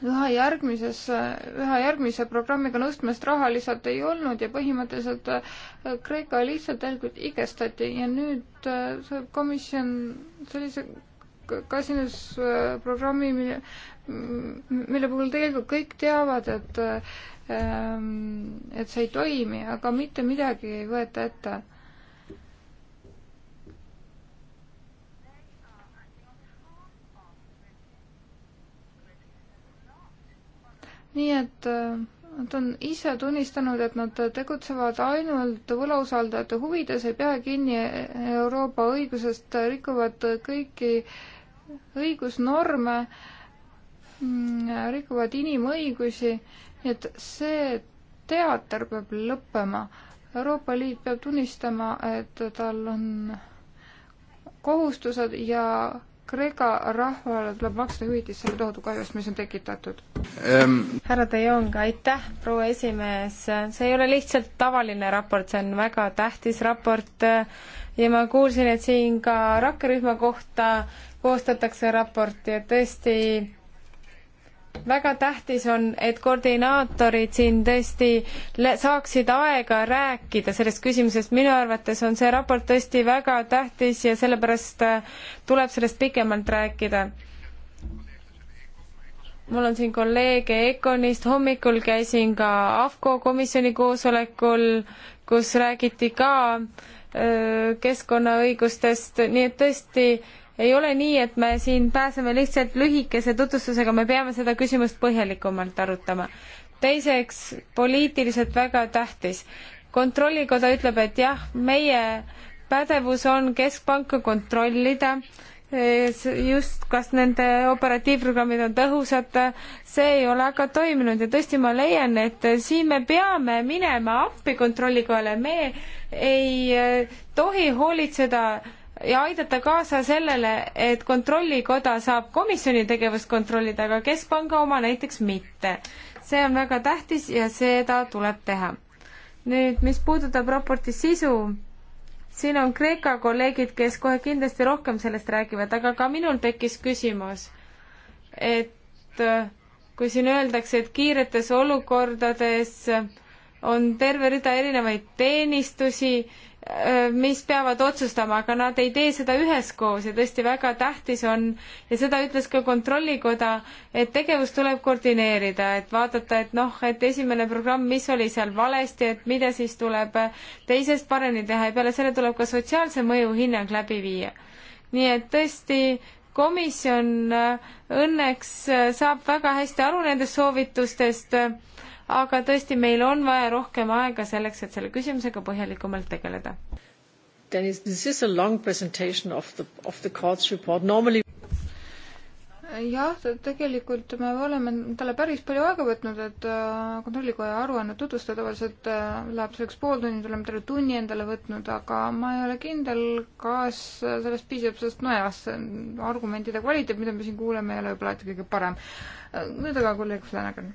S3: üha järgmises, üha järgmise programmiga nõustmist raha lihtsalt ei olnud ja põhimõtteliselt äh, Kreeka lihtsalt tegelikult igestati ja nüüd äh, saab komisjon sellise kasinusprogrammi, mille, mille puhul tegelikult kõik teavad, et äh, ähm, et see ei toimi, aga mitte midagi ei võeta ette nii et äh, nad on ise tunnistanud, et nad tegutsevad ainult võlausaldajate huvides, ei pea kinni Euroopa õigusest, rikuvad kõiki õigusnorme, mm, rikuvad inimõigusi, nii et see teater peab lõppema. Euroopa Liit peab tunnistama, et tal on kohustused ja Kreeka rahvale tuleb maksta hüvitist selle tohutu kahju eest, mis on tekitatud ähm.. härra De Jong, aitäh, proua esimees. see
S2: ei ole lihtsalt tavaline raport, see on väga tähtis raport ja ma kuulsin, et siin ka rakkerühma kohta koostatakse raport ja tõesti väga tähtis on, et koordinaatorid siin tõesti saaksid aega rääkida sellest küsimusest. minu arvates on see raport tõesti väga tähtis ja sellepärast äh, tuleb sellest pikemalt rääkida. mul on siin kolleege Econist, hommikul käisin ka AFCO komisjoni koosolekul, kus räägiti ka äh, keskkonnaõigustest, nii et tõesti ei ole nii, et me siin pääseme lihtsalt lühikese tutvustusega, me peame seda küsimust põhjalikumalt arutama. teiseks, poliitiliselt väga tähtis. kontrollikoda ütleb, et jah, meie pädevus on keskpanka kontrollida, eh, just kas nende operatiivprogrammid on tõhusad, see ei ole aga toiminud ja tõesti ma leian, et siin me peame minema appi kontrollikojale, me ei eh, tohi hoolitseda ja aidata kaasa sellele, et Kontrollikoda saab komisjoni tegevust kontrollida, aga Keskpanga oma näiteks mitte. see on väga tähtis ja seda tuleb teha. nüüd, mis puudutab raporti sisu, siin on Kreeka kolleegid, kes kohe kindlasti rohkem sellest räägivad, aga ka minul tekkis küsimus, et äh, kui siin öeldakse, et kiiretes olukordades on terve rida erinevaid teenistusi Äh, mis peavad otsustama, aga nad ei tee seda üheskoos ja tõesti väga tähtis on ja seda ütles ka Kontrollikoda, et tegevust tuleb koordineerida, et vaadata, et noh, et esimene programm, mis oli seal valesti, et mida siis tuleb teisest paremini teha ja peale selle tuleb ka sotsiaalse mõju hinnang läbi viia. nii et tõesti komisjon äh, õnneks äh, saab väga hästi aru nendest soovitustest aga tõesti, meil on vaja rohkem aega selleks, et selle küsimusega põhjalikumalt tegeleda. Dennis, this is a long presentation of the, of the court's report. Normally
S3: jah, tegelikult me oleme talle päris palju aega võtnud, et äh, kontrollikoja aruannet tutvustada, tavaliselt äh, läheb selleks pool tundi, oleme terve tunni endale võtnud, aga ma ei ole kindel, kas sellest piisab, sest nojah, see argumentide kvaliteet, mida me siin kuuleme, ei ole võib-olla alati kõige parem. Äh, nüüd aga kolleeg Flanagan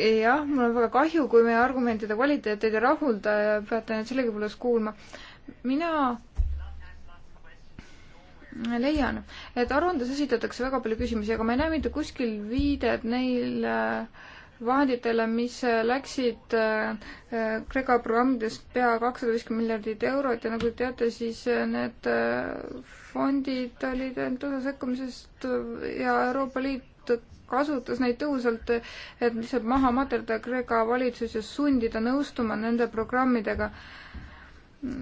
S3: jah, mul on väga kahju, kui meie argumentide kvaliteet teid ei rahulda ja peate neid sellegipoolest kuulma. mina leian, et aruandes esitatakse väga palju küsimusi, aga ma ei näe mitte kuskil viidet neile vahenditele, mis läksid äh, Kreeka programmidest pea kakssada viiskümmend miljardit eurot ja nagu te teate, siis äh, need äh, fondid olid ainult osa sekkumisest ja Euroopa Liit kasutas neid tõhusalt, et lihtsalt maha materdada Kreeka valitsus ja sundida nõustuma nende programmidega.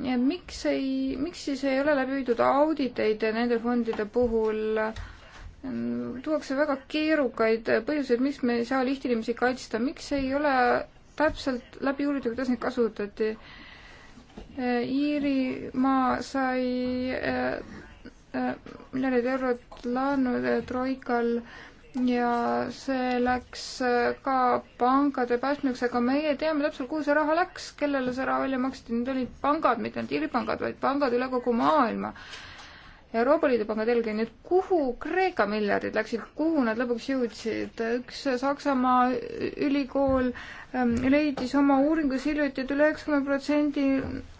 S3: ja miks ei, miks siis ei ole läbi viidud auditeid nende fondide puhul? tuuakse väga keerukaid põhjuseid, miks me ei saa lihtinimesi kaitsta, miks ei ole täpselt läbi uurida, kuidas neid kasutati. Iirimaa sai äh, äh, miljonid eurot laenu Troikal äh, ja see läks äh, ka pankade päästmiseks, aga meie teame täpselt, kuhu see raha läks, kellele see raha välja maksti, need olid pangad, mitte ainult Iiri pangad, vaid pangad üle kogu maailma. Euroopa Liidu pangad eelkõige, nii et kuhu Kreeka miljardid läksid, kuhu nad lõpuks jõudsid, üks Saksamaa ülikool ähm, leidis oma uuringus hiljuti, et üle üheksakümne protsendi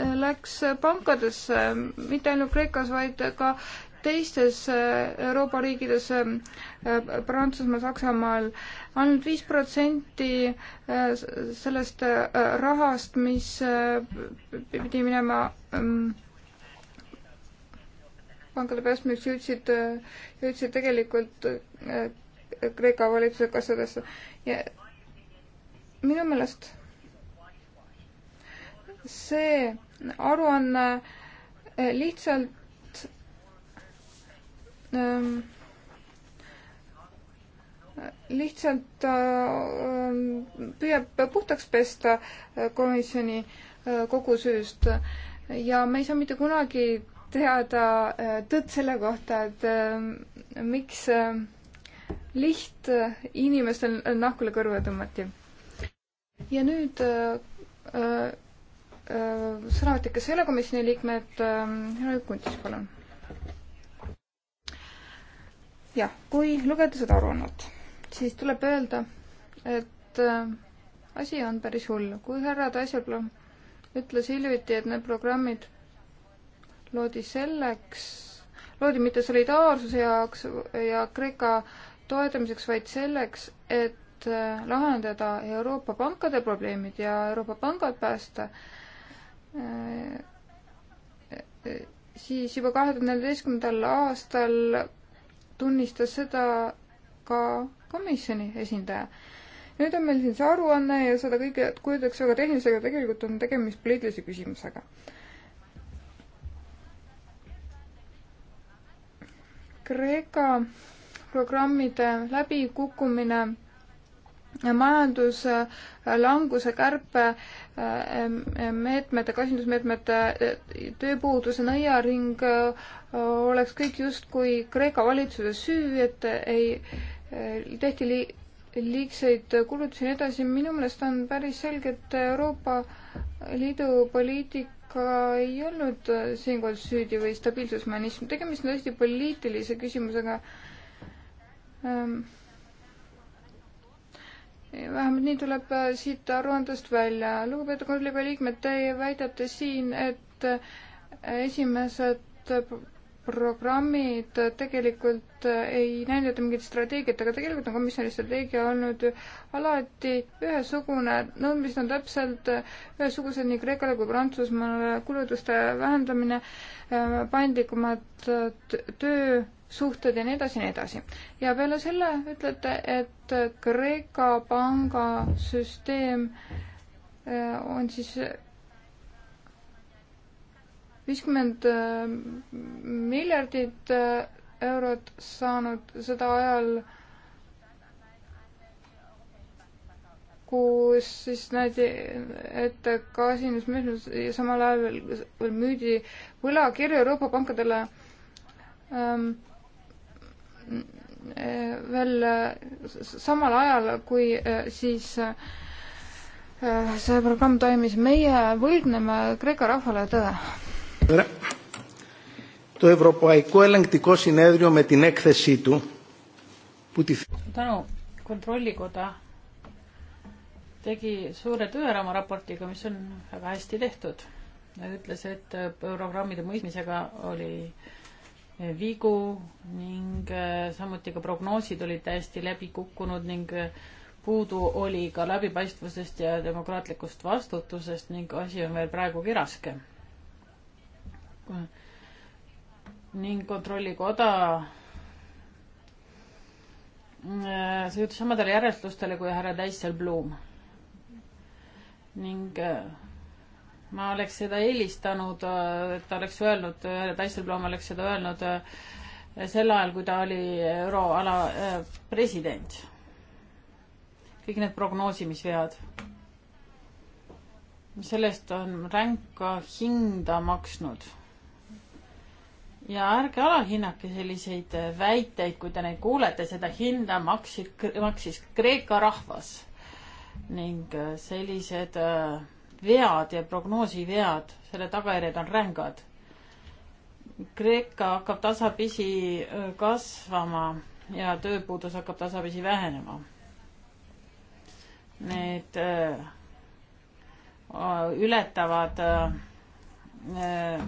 S3: äh, läks pankadesse, mitte ainult Kreekas, vaid ka teistes äh, Euroopa riikides, äh, äh, Prantsusmaal, Saksamaal, ainult viis protsenti sellest rahast, mis pidi minema ähm, pankade päästmiseks, jõudsid, jõudsid tegelikult Kreeka valitsuse kassadesse ja minu meelest see aruanne lihtsalt Ähm, lihtsalt äh, ähm, püüab puhtaks pesta äh, komisjoni äh, kogu süüst ja me ei saa mitte kunagi teada tõtt selle kohta, et miks liht inimestel nahkule kõrva tõmmati. ja nüüd sõnavõtja, kes ei ole komisjoni liikmed, Henrik Kuntis, palun jah, kui lugeda seda aruannet, siis tuleb öelda, et äh, asi on päris hull. kui härra Taiseplam ütles hiljuti, et need programmid loodi selleks, loodi mitte solidaarsuse jaoks ja Kreeka toetamiseks, vaid selleks, et äh, lahendada Euroopa pankade probleemid ja Euroopa pangad päästa, äh, siis juba kahe tuhande neljateistkümnendal aastal tunnistas seda ka komisjoni esindaja. nüüd on meil siin see aruanne ja seda kõike kujutatakse väga tehnilisega, tegelikult on tegemist poliitilise küsimusega. Kreeka programmide läbikukkumine majanduslanguse kärpe meetmete, kasindusmeetmete, e, tööpuuduse nõiaring e, oleks kõik justkui Kreeka valitsuse süü, et ei e, tehti li-, liigseid kulutusi ja nii edasi, minu meelest on päris selge, et Euroopa Liidu poliitika ei olnud siinkohal süüdi või stabiilsusmehhanism, tegemist on tõesti poliitilise küsimusega ähm, vähemalt nii tuleb äh, siit aruandest välja. lugupeetud kontrolliga liikmed, te väidate siin, et äh, esimesed programmid äh, tegelikult ei näidata mingit strateegiat, aga tegelikult on komisjoni strateegia olnud ju alati ühesugune, nõudmised on täpselt ühesugused nii Kreekale kui Prantsusmaale, kulutuste vähendamine, paindlikumad töö suhted ja nii edasi ja nii edasi. ja peale selle ütlete, et Kreeka pangasüsteem äh, on siis äh, viiskümmend äh, miljardit eurot saanud seda ajal, kus siis näidi ette kasinusmüüs ja samal ajal veel müüdi võlakirju Euroopa pankadele ähm, veel samal ajal, kui eh, siis eh, see programm toimis, meie võlgneme Kreeka rahvale tõe.
S2: Το Ευρωπαϊκό Ελεγκτικό Συνέδριο με την έκθεσή του που τη...
S1: Tänu, kontrollikoda tegi suure töö ära oma raportiga, mis on väga hästi tehtud. ta ütles, et eh, programmide mõistmisega oli äh, vigu ning äh, samuti ka prognoosid olid täiesti läbi kukkunud ning äh, puudu oli ka läbipaistvusest ja demokraatlikust vastutusest ning asi on veel praegugi raske. ning Kontrollikoda äh, see jõudis samadele järeldustele kui härra Dijsselbloem ning ma oleks seda eelistanud, et ta oleks öelnud, Taistelblom oleks seda öelnud äh, sel ajal, kui ta oli euroala äh, president. kõik need prognoosimisvead. sellest on ränka hinda maksnud. ja ärge alahinnake selliseid äh, väiteid, kui te neid kuulete, seda hinda maksid, maksis Kreeka rahvas ning sellised äh, vead ja prognoosivead, selle tagajärjed on rängad. Kreeka hakkab tasapisi äh, kasvama ja tööpuudus hakkab tasapisi vähenema. Need öö, äh, ületavad öö, äh,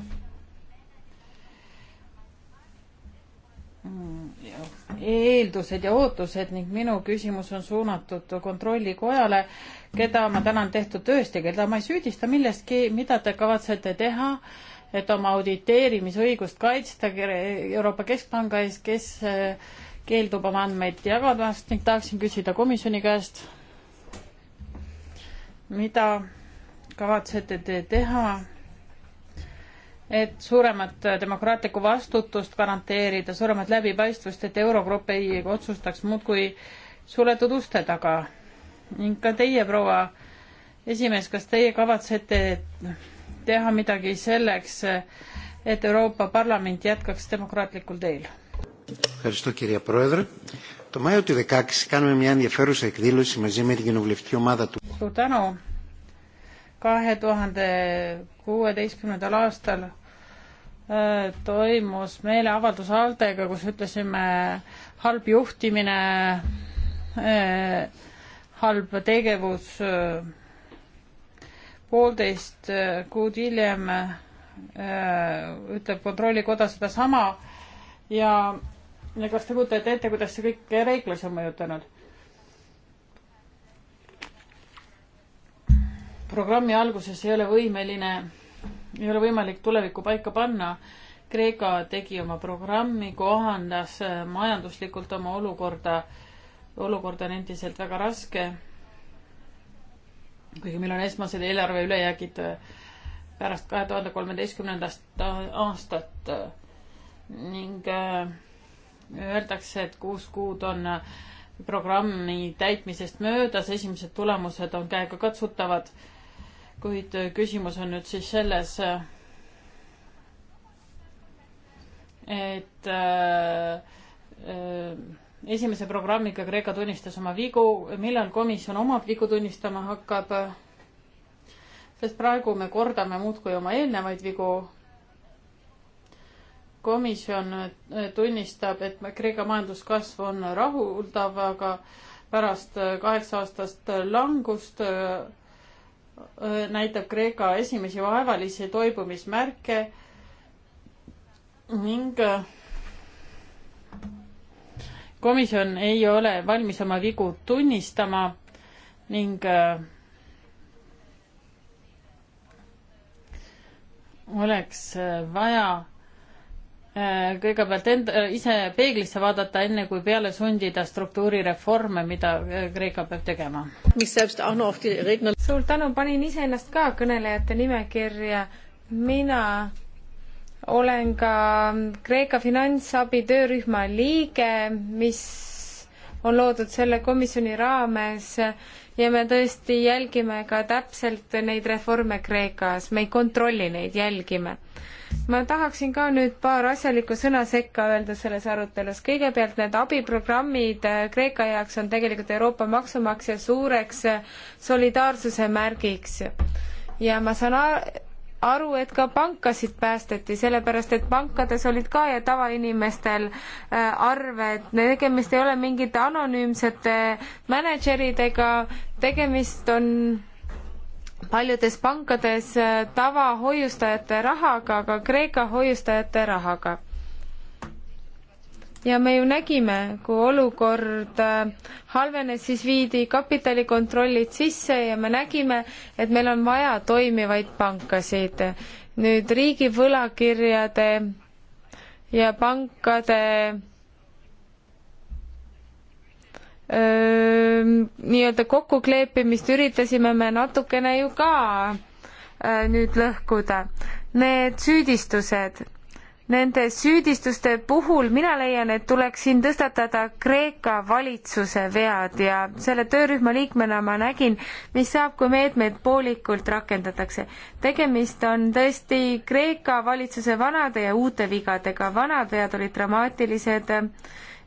S1: eeldused ja ootused ning minu küsimus on suunatud kontrollikojale keda ma tänan tehtud tööst ja keda ma ei süüdista millestki, mida te kavatsete teha, et oma auditeerimisõigust kaitsta Euroopa Keskpanga ees, kes eh, keeldub oma andmeid jagamast ning tahaksin küsida komisjoni käest, mida kavatsete te teha et suuremat demokraatlikku vastutust garanteerida, suuremat läbipaistvust, et Eurogrupp ei otsustaks muudkui suletud uste taga ning ka teie, proua esimees, kas teie kavatsete teha midagi selleks, et Euroopa Parlament jätkaks demokraatlikul teel?
S3: Ευχαριστώ κυρία Πρόεδρε. Το Μάιο του 2016 κάνουμε μια ενδιαφέρουσα εκδήλωση μαζί με την κοινοβουλευτική ομάδα του.
S1: Suur tänu. kahe tuhande kuueteistkümnendal aastal äh, toimus meeleavaldus Aldega, kus ütlesime halb juhtimine äh, halb tegevus äh, poolteist äh, kuud hiljem äh, ütleb Kontrollikoda sedasama ja, ja kas te kujutate ette, kuidas see kõik reiklasi on mõjutanud? programmi alguses ei ole võimeline, ei ole võimalik tulevikku paika panna. Kreeka tegi oma programmi, kohandas majanduslikult oma olukorda äh, olukord on endiselt väga raske. kuigi meil on esmased eelarve ülejäägid äh, pärast kahe tuhande kolmeteistkümnendast aastat ning äh, öeldakse, et kuus kuud on äh, programmi täitmisest möödas, esimesed tulemused on käegakatsutavad, kuid küsimus on nüüd siis selles, et äh, äh, esimese programmiga Kreeka tunnistas oma vigu, millal komisjon omab vigu tunnistama hakkab? sest praegu me kordame muudkui oma eelnevaid vigu. komisjon äh, tunnistab, et Kreeka majanduskasv on rahuldav, aga pärast äh, kaheksa aastast äh, langust näitab Kreeka esimesi vaevalisi toibumismärke ning komisjon ei ole valmis oma vigu tunnistama ning äh, oleks äh, vaja äh, kõigepealt enda, ise peeglisse vaadata, enne kui peale sundida struktuurireforme, mida Kreeka peab tegema.
S2: suur tänu, panin iseennast ka kõnelejate nimekirja. mina olen ka Kreeka finantsabi töörühma liige, mis on loodud selle komisjoni raames ja me tõesti jälgime ka täpselt neid reforme Kreekas, me ei kontrolli neid, jälgime. ma tahaksin ka nüüd paar asjalikku sõna sekka öelda selles arutelus. kõigepealt need abiprogrammid Kreeka jaoks on tegelikult Euroopa maksumaksja suureks solidaarsuse märgiks ja ma saan aru, et ka pankasid päästeti, sellepärast et pankades olid ka ja tavainimestel äh, arved, tegemist ei ole mingite anonüümsete mänedžeridega, tegemist on paljudes pankades äh, tavahoiustajate rahaga, aga Kreeka hoiustajate rahaga ja me ju nägime, kui olukord äh, halvenes, siis viidi kapitalikontrollid sisse ja me nägime, et meil on vaja toimivaid pankasid. nüüd riigi võlakirjade ja pankade ähm, nii-öelda kokkukleepimist üritasime me natukene ju ka öö, äh, nüüd lõhkuda. Need süüdistused nende süüdistuste puhul mina leian, et tuleks siin tõstatada Kreeka valitsuse vead ja selle töörühma liikmena ma nägin, mis saab, kui meetmeid poolikult rakendatakse. tegemist on tõesti Kreeka valitsuse vanade ja uute vigadega, vanad vead olid dramaatilised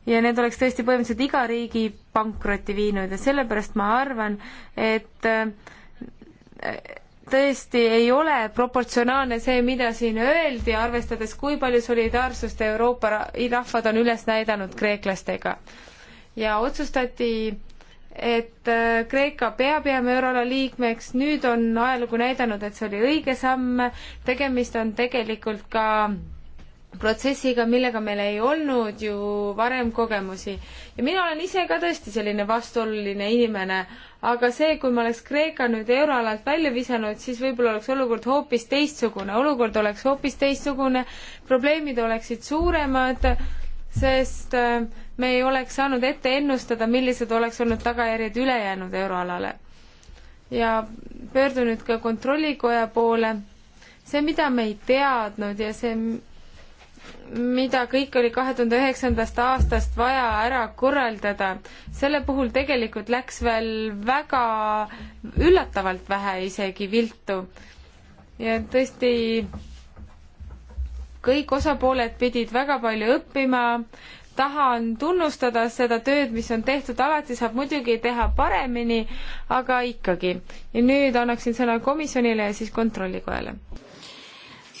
S2: ja need oleks tõesti põhimõtteliselt iga riigi pankrotti viinud ja sellepärast ma arvan, et tõesti ei ole proportsionaalne see, mida siin öeldi, arvestades, kui palju solidaarsust Euroopa rahvad on üles näidanud kreeklastega. ja otsustati, et äh, Kreeka peab jääma euroala liikmeks, nüüd on ajalugu näidanud, et see oli õige samm, tegemist on tegelikult ka protsessiga, millega meil ei olnud ju varem kogemusi. ja mina olen ise ka tõesti selline vastuoluline inimene, aga see, kui ma oleks Kreeka nüüd euroalalt välja visanud, siis võib-olla oleks olukord hoopis teistsugune, olukord oleks hoopis teistsugune, probleemid oleksid suuremad, sest äh, me ei oleks saanud ette ennustada, millised oleks olnud tagajärjed ülejäänud euroalale. ja pöördun nüüd ka Kontrollikoja poole, see, mida me ei teadnud ja see, mida kõik oli kahe tuhande üheksandast aastast vaja ära korraldada. selle puhul tegelikult läks veel väga üllatavalt vähe isegi viltu. ja tõesti, kõik osapooled pidid väga palju õppima, tahan tunnustada seda tööd, mis on tehtud, alati saab muidugi teha paremini, aga ikkagi. ja nüüd annaksin sõna komisjonile ja siis kontrollikojale.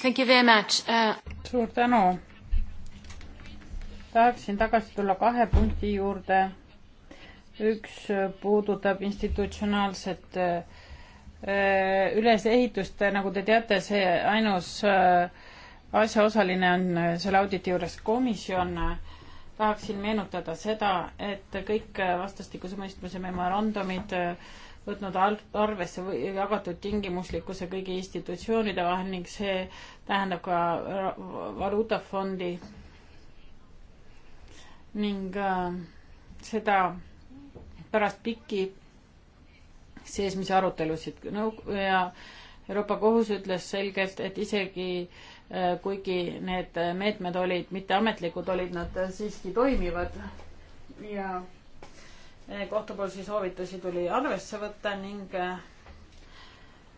S1: Thank you very much uh.... suur tänu tahaksin tagasi tulla kahe punkti juurde. üks puudutab institutsionaalset äh, ülesehitust, nagu te teate, see ainus äh, asjaosaline on äh, selle auditi juures komisjon. tahaksin meenutada seda, et kõik vastastikuse mõistmise memorandumid võtnud arvesse jagatud tingimuslikkuse kõigi institutsioonide vahel ning see tähendab ka valuutafondi ning äh, seda pärast pikki seesmisi arutelusid nõu- ja Euroopa Kohus ütles selgelt, et isegi äh, kuigi need meetmed olid mitteametlikud, olid nad siiski toimivad ja äh, kohtupoolsi soovitusi tuli arvesse võtta ning äh,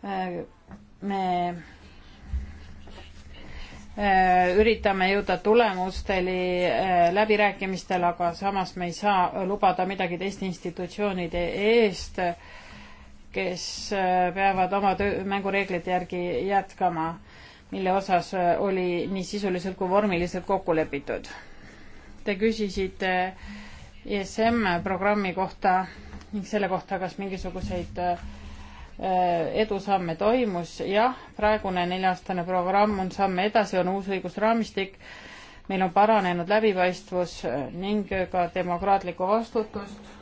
S1: äh, me Äh, üritame jõuda tulemusteni äh, läbirääkimistel, aga samas me ei saa lubada midagi teiste institutsioonide eest, kes äh, peavad oma töö, mängureeglite järgi jätkama, mille osas oli nii sisuliselt kui vormiliselt kokku lepitud. Te küsisite ESM programmi kohta ning selle kohta, kas mingisuguseid äh, Äh, edusamme toimus, jah, praegune nelja-aastane programm on samm edasi, on uus õigusraamistik, meil on paranenud läbipaistvus ning ka demokraatlikku vastutust,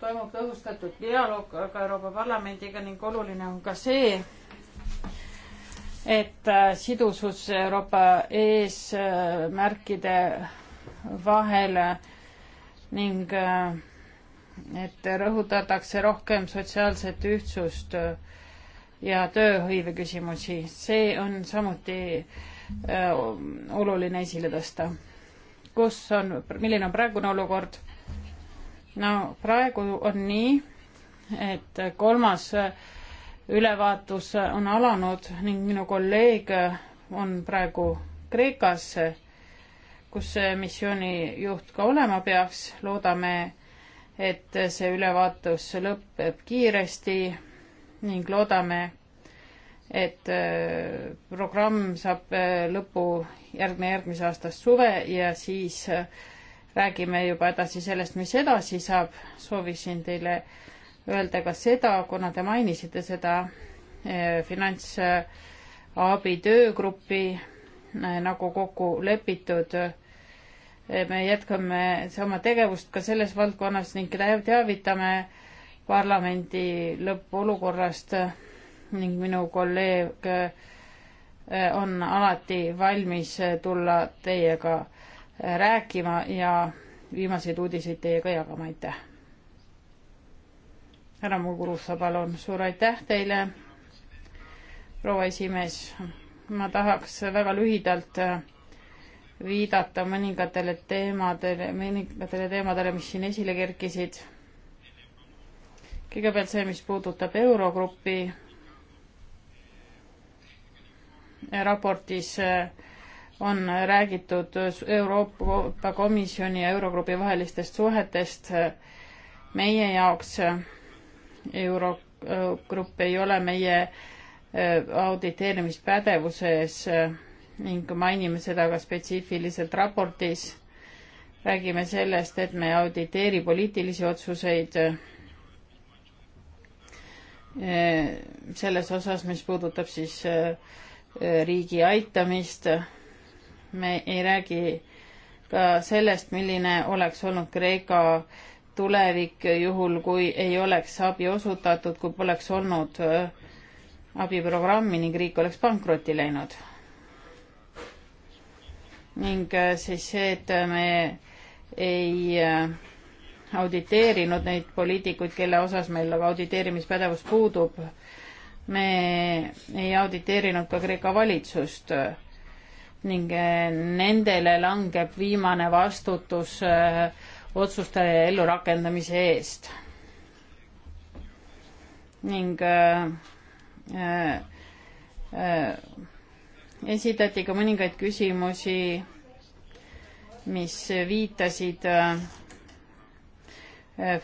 S1: toimub tõhustatud dialoog ka Euroopa Parlamendiga ning oluline on ka see, et äh, sidusus Euroopa eesmärkide äh, vahel ning äh, et rõhutatakse rohkem sotsiaalset ühtsust ja tööhõive küsimusi. see on samuti äh, oluline esile tõsta. kus on, milline on praegune olukord? no praegu on nii, et kolmas ülevaatus on alanud ning minu kolleeg on praegu Kreekas, kus missiooni juht ka olema peaks. loodame et see ülevaatus lõpeb kiiresti ning loodame, et äh, programm saab äh, lõpu järgne, järgmise aasta suve ja siis äh, räägime juba edasi sellest, mis edasi saab. soovisin teile öelda ka seda, kuna te mainisite seda finantsabi töögruppi nagu kokku lepitud me jätkame sama tegevust ka selles valdkonnas ning teavitame parlamendi lõppolukorrast ning minu kolleeg eh, on alati valmis tulla teiega eh, rääkima ja viimaseid uudiseid teiega jagama, aitäh! härra Mugurusa, palun, suur aitäh teile, proua esimees, ma tahaks väga lühidalt eh, viidata mõningatele teemadele, mõningatele teemadele, mis siin esile kerkisid. kõigepealt see, mis puudutab Eurogrupi raportis eh, on räägitud Euroopa Komisjoni ja Eurogrupi vahelistest suhetest. meie jaoks Eurogrupp ei ole meie eh, auditeerimispädevuses ning mainime seda ka spetsiifiliselt raportis. räägime sellest, et me ei auditeeri poliitilisi otsuseid eh, selles osas, mis puudutab siis eh, riigi aitamist. me ei räägi ka sellest, milline oleks olnud Kreeka tulevik juhul, kui ei oleks abi osutatud, kui poleks olnud eh, abiprogrammi ning riik oleks pankrotti läinud ning äh, siis see, et me ei äh, auditeerinud neid poliitikuid, kelle osas meil auditeerimispädevus puudub. me ei auditeerinud ka Kreeka valitsust ning äh, nendele langeb viimane vastutus otsuste ellurakendamise eest. ning äh, äh, esitati ka mõningaid küsimusi, mis viitasid äh,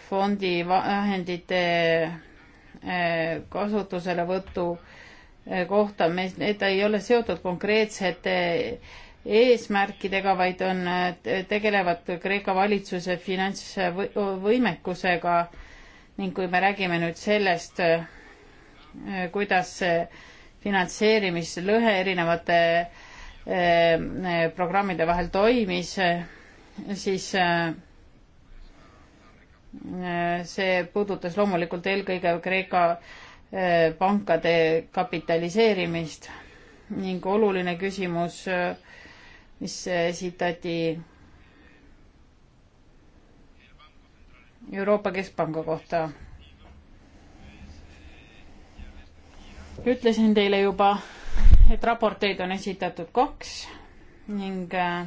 S1: fondi vahendite äh, kasutuselevõtu äh, kohta, me, ta ei ole seotud konkreetsete eesmärkidega, vaid on, tegelevad Kreeka valitsuse finantsvõimekusega ning kui me räägime nüüd sellest, kuidas see finantseerimislõhe erinevate eh, eh, programmide vahel toimis, siis eh, see puudutas loomulikult eelkõige Kreeka pankade kapitaliseerimist ning oluline küsimus, mis esitati Euroopa Keskpanga kohta ütlesin teile juba, et raporteid on esitatud kaks ning äh,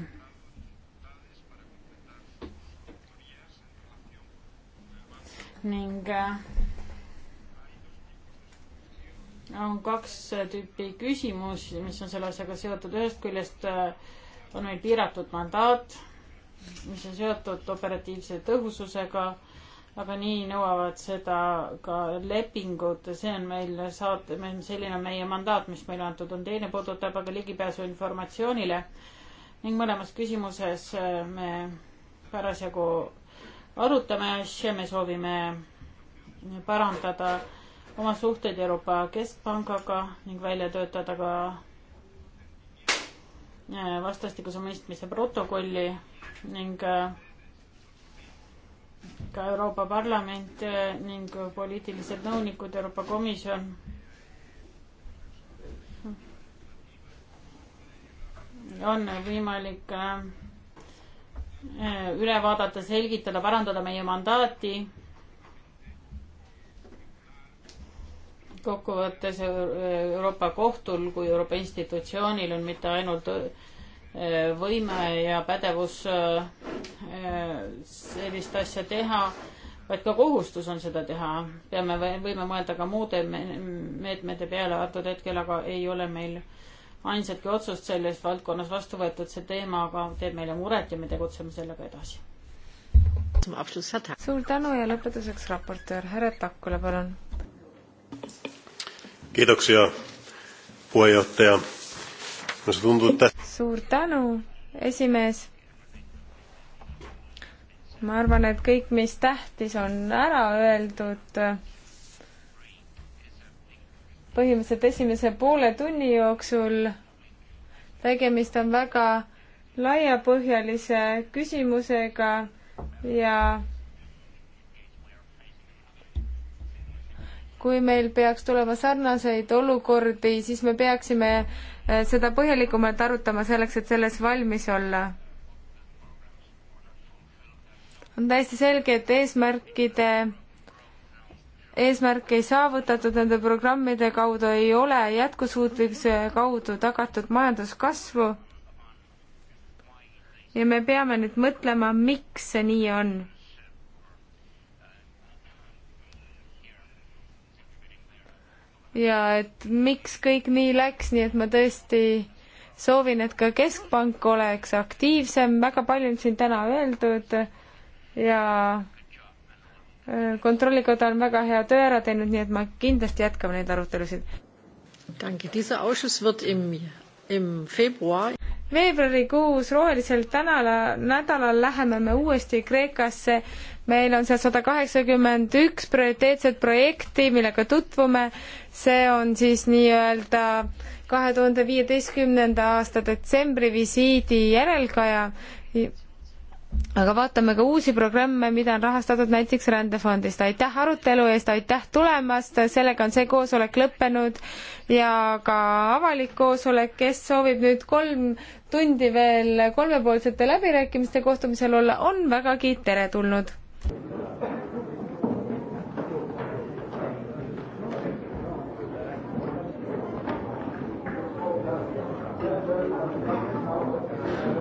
S1: ning äh, on kaks tüüpi küsimusi, mis on selle asjaga seotud. ühest küljest äh, on meil piiratud mandaat, mis on seotud operatiivse tõhususega aga nii nõuavad seda ka lepingud, see on meil saate, selline on meie mandaat, mis meile antud on, teine puudutab aga ligipääsu informatsioonile ning mõlemas küsimuses äh, me parasjagu arutame asja, me soovime parandada oma suhteid Euroopa Keskpangaga ning välja töötada ka äh, vastastikuse mõistmise protokolli ning äh, ka Euroopa Parlament eh, ning poliitilised nõunikud, Euroopa Komisjon. on võimalik eh, eh, üle vaadata, selgitada, parandada meie mandaati. kokkuvõttes Euroopa Kohtul kui Euroopa institutsioonil on mitte ainult võime ja pädevus äh, sellist asja teha, vaid ka kohustus on seda teha. peame, võime mõelda ka muude meetmete peale, antud hetkel aga ei ole meil ainsatki otsust selles valdkonnas vastu võetud, see teema aga teeb meile muret ja me tegutseme sellega
S2: edasi. suur tänu ja lõpetuseks raportöör härra Takula, palun.
S3: kiitoksia, puhejuhataja mulle tundub, et
S2: suur tänu, esimees! ma arvan, et kõik, mis tähtis, on ära öeldud. põhimõtteliselt esimese poole tunni jooksul tegemist on väga laiapõhjalise küsimusega ja kui meil peaks tulema sarnaseid olukordi, siis me peaksime äh, seda põhjalikumalt arutama selleks, et selles valmis olla. on täiesti selge, et eesmärkide, eesmärke ei saavutatud nende programmide kaudu, ei ole jätkusuutlikkuse kaudu tagatud majanduskasvu. ja me peame nüüd mõtlema, miks see nii on ja et miks kõik nii läks, nii et ma tõesti soovin, et ka Keskpank oleks aktiivsem, väga palju on siin täna öeldud ja äh, kontrollikoda on väga hea töö ära teinud, nii et ma kindlasti jätkame neid arutelusid veebruarikuus Rohelisel tänala, nädalal läheme me uuesti Kreekasse. meil on seal sada kaheksakümmend üks prioriteetset projekti, millega tutvume. see on siis nii-öelda kahe tuhande viieteistkümnenda aasta detsembri visiidi järelkaja aga vaatame ka uusi programme, mida on rahastatud näiteks rändefondist. aitäh arutelu eest, aitäh tulemast, sellega on see koosolek lõppenud ja ka avalik koosolek, kes soovib nüüd kolm tundi veel kolmepoolsete läbirääkimiste kohtumisel olla, on vägagi teretulnud.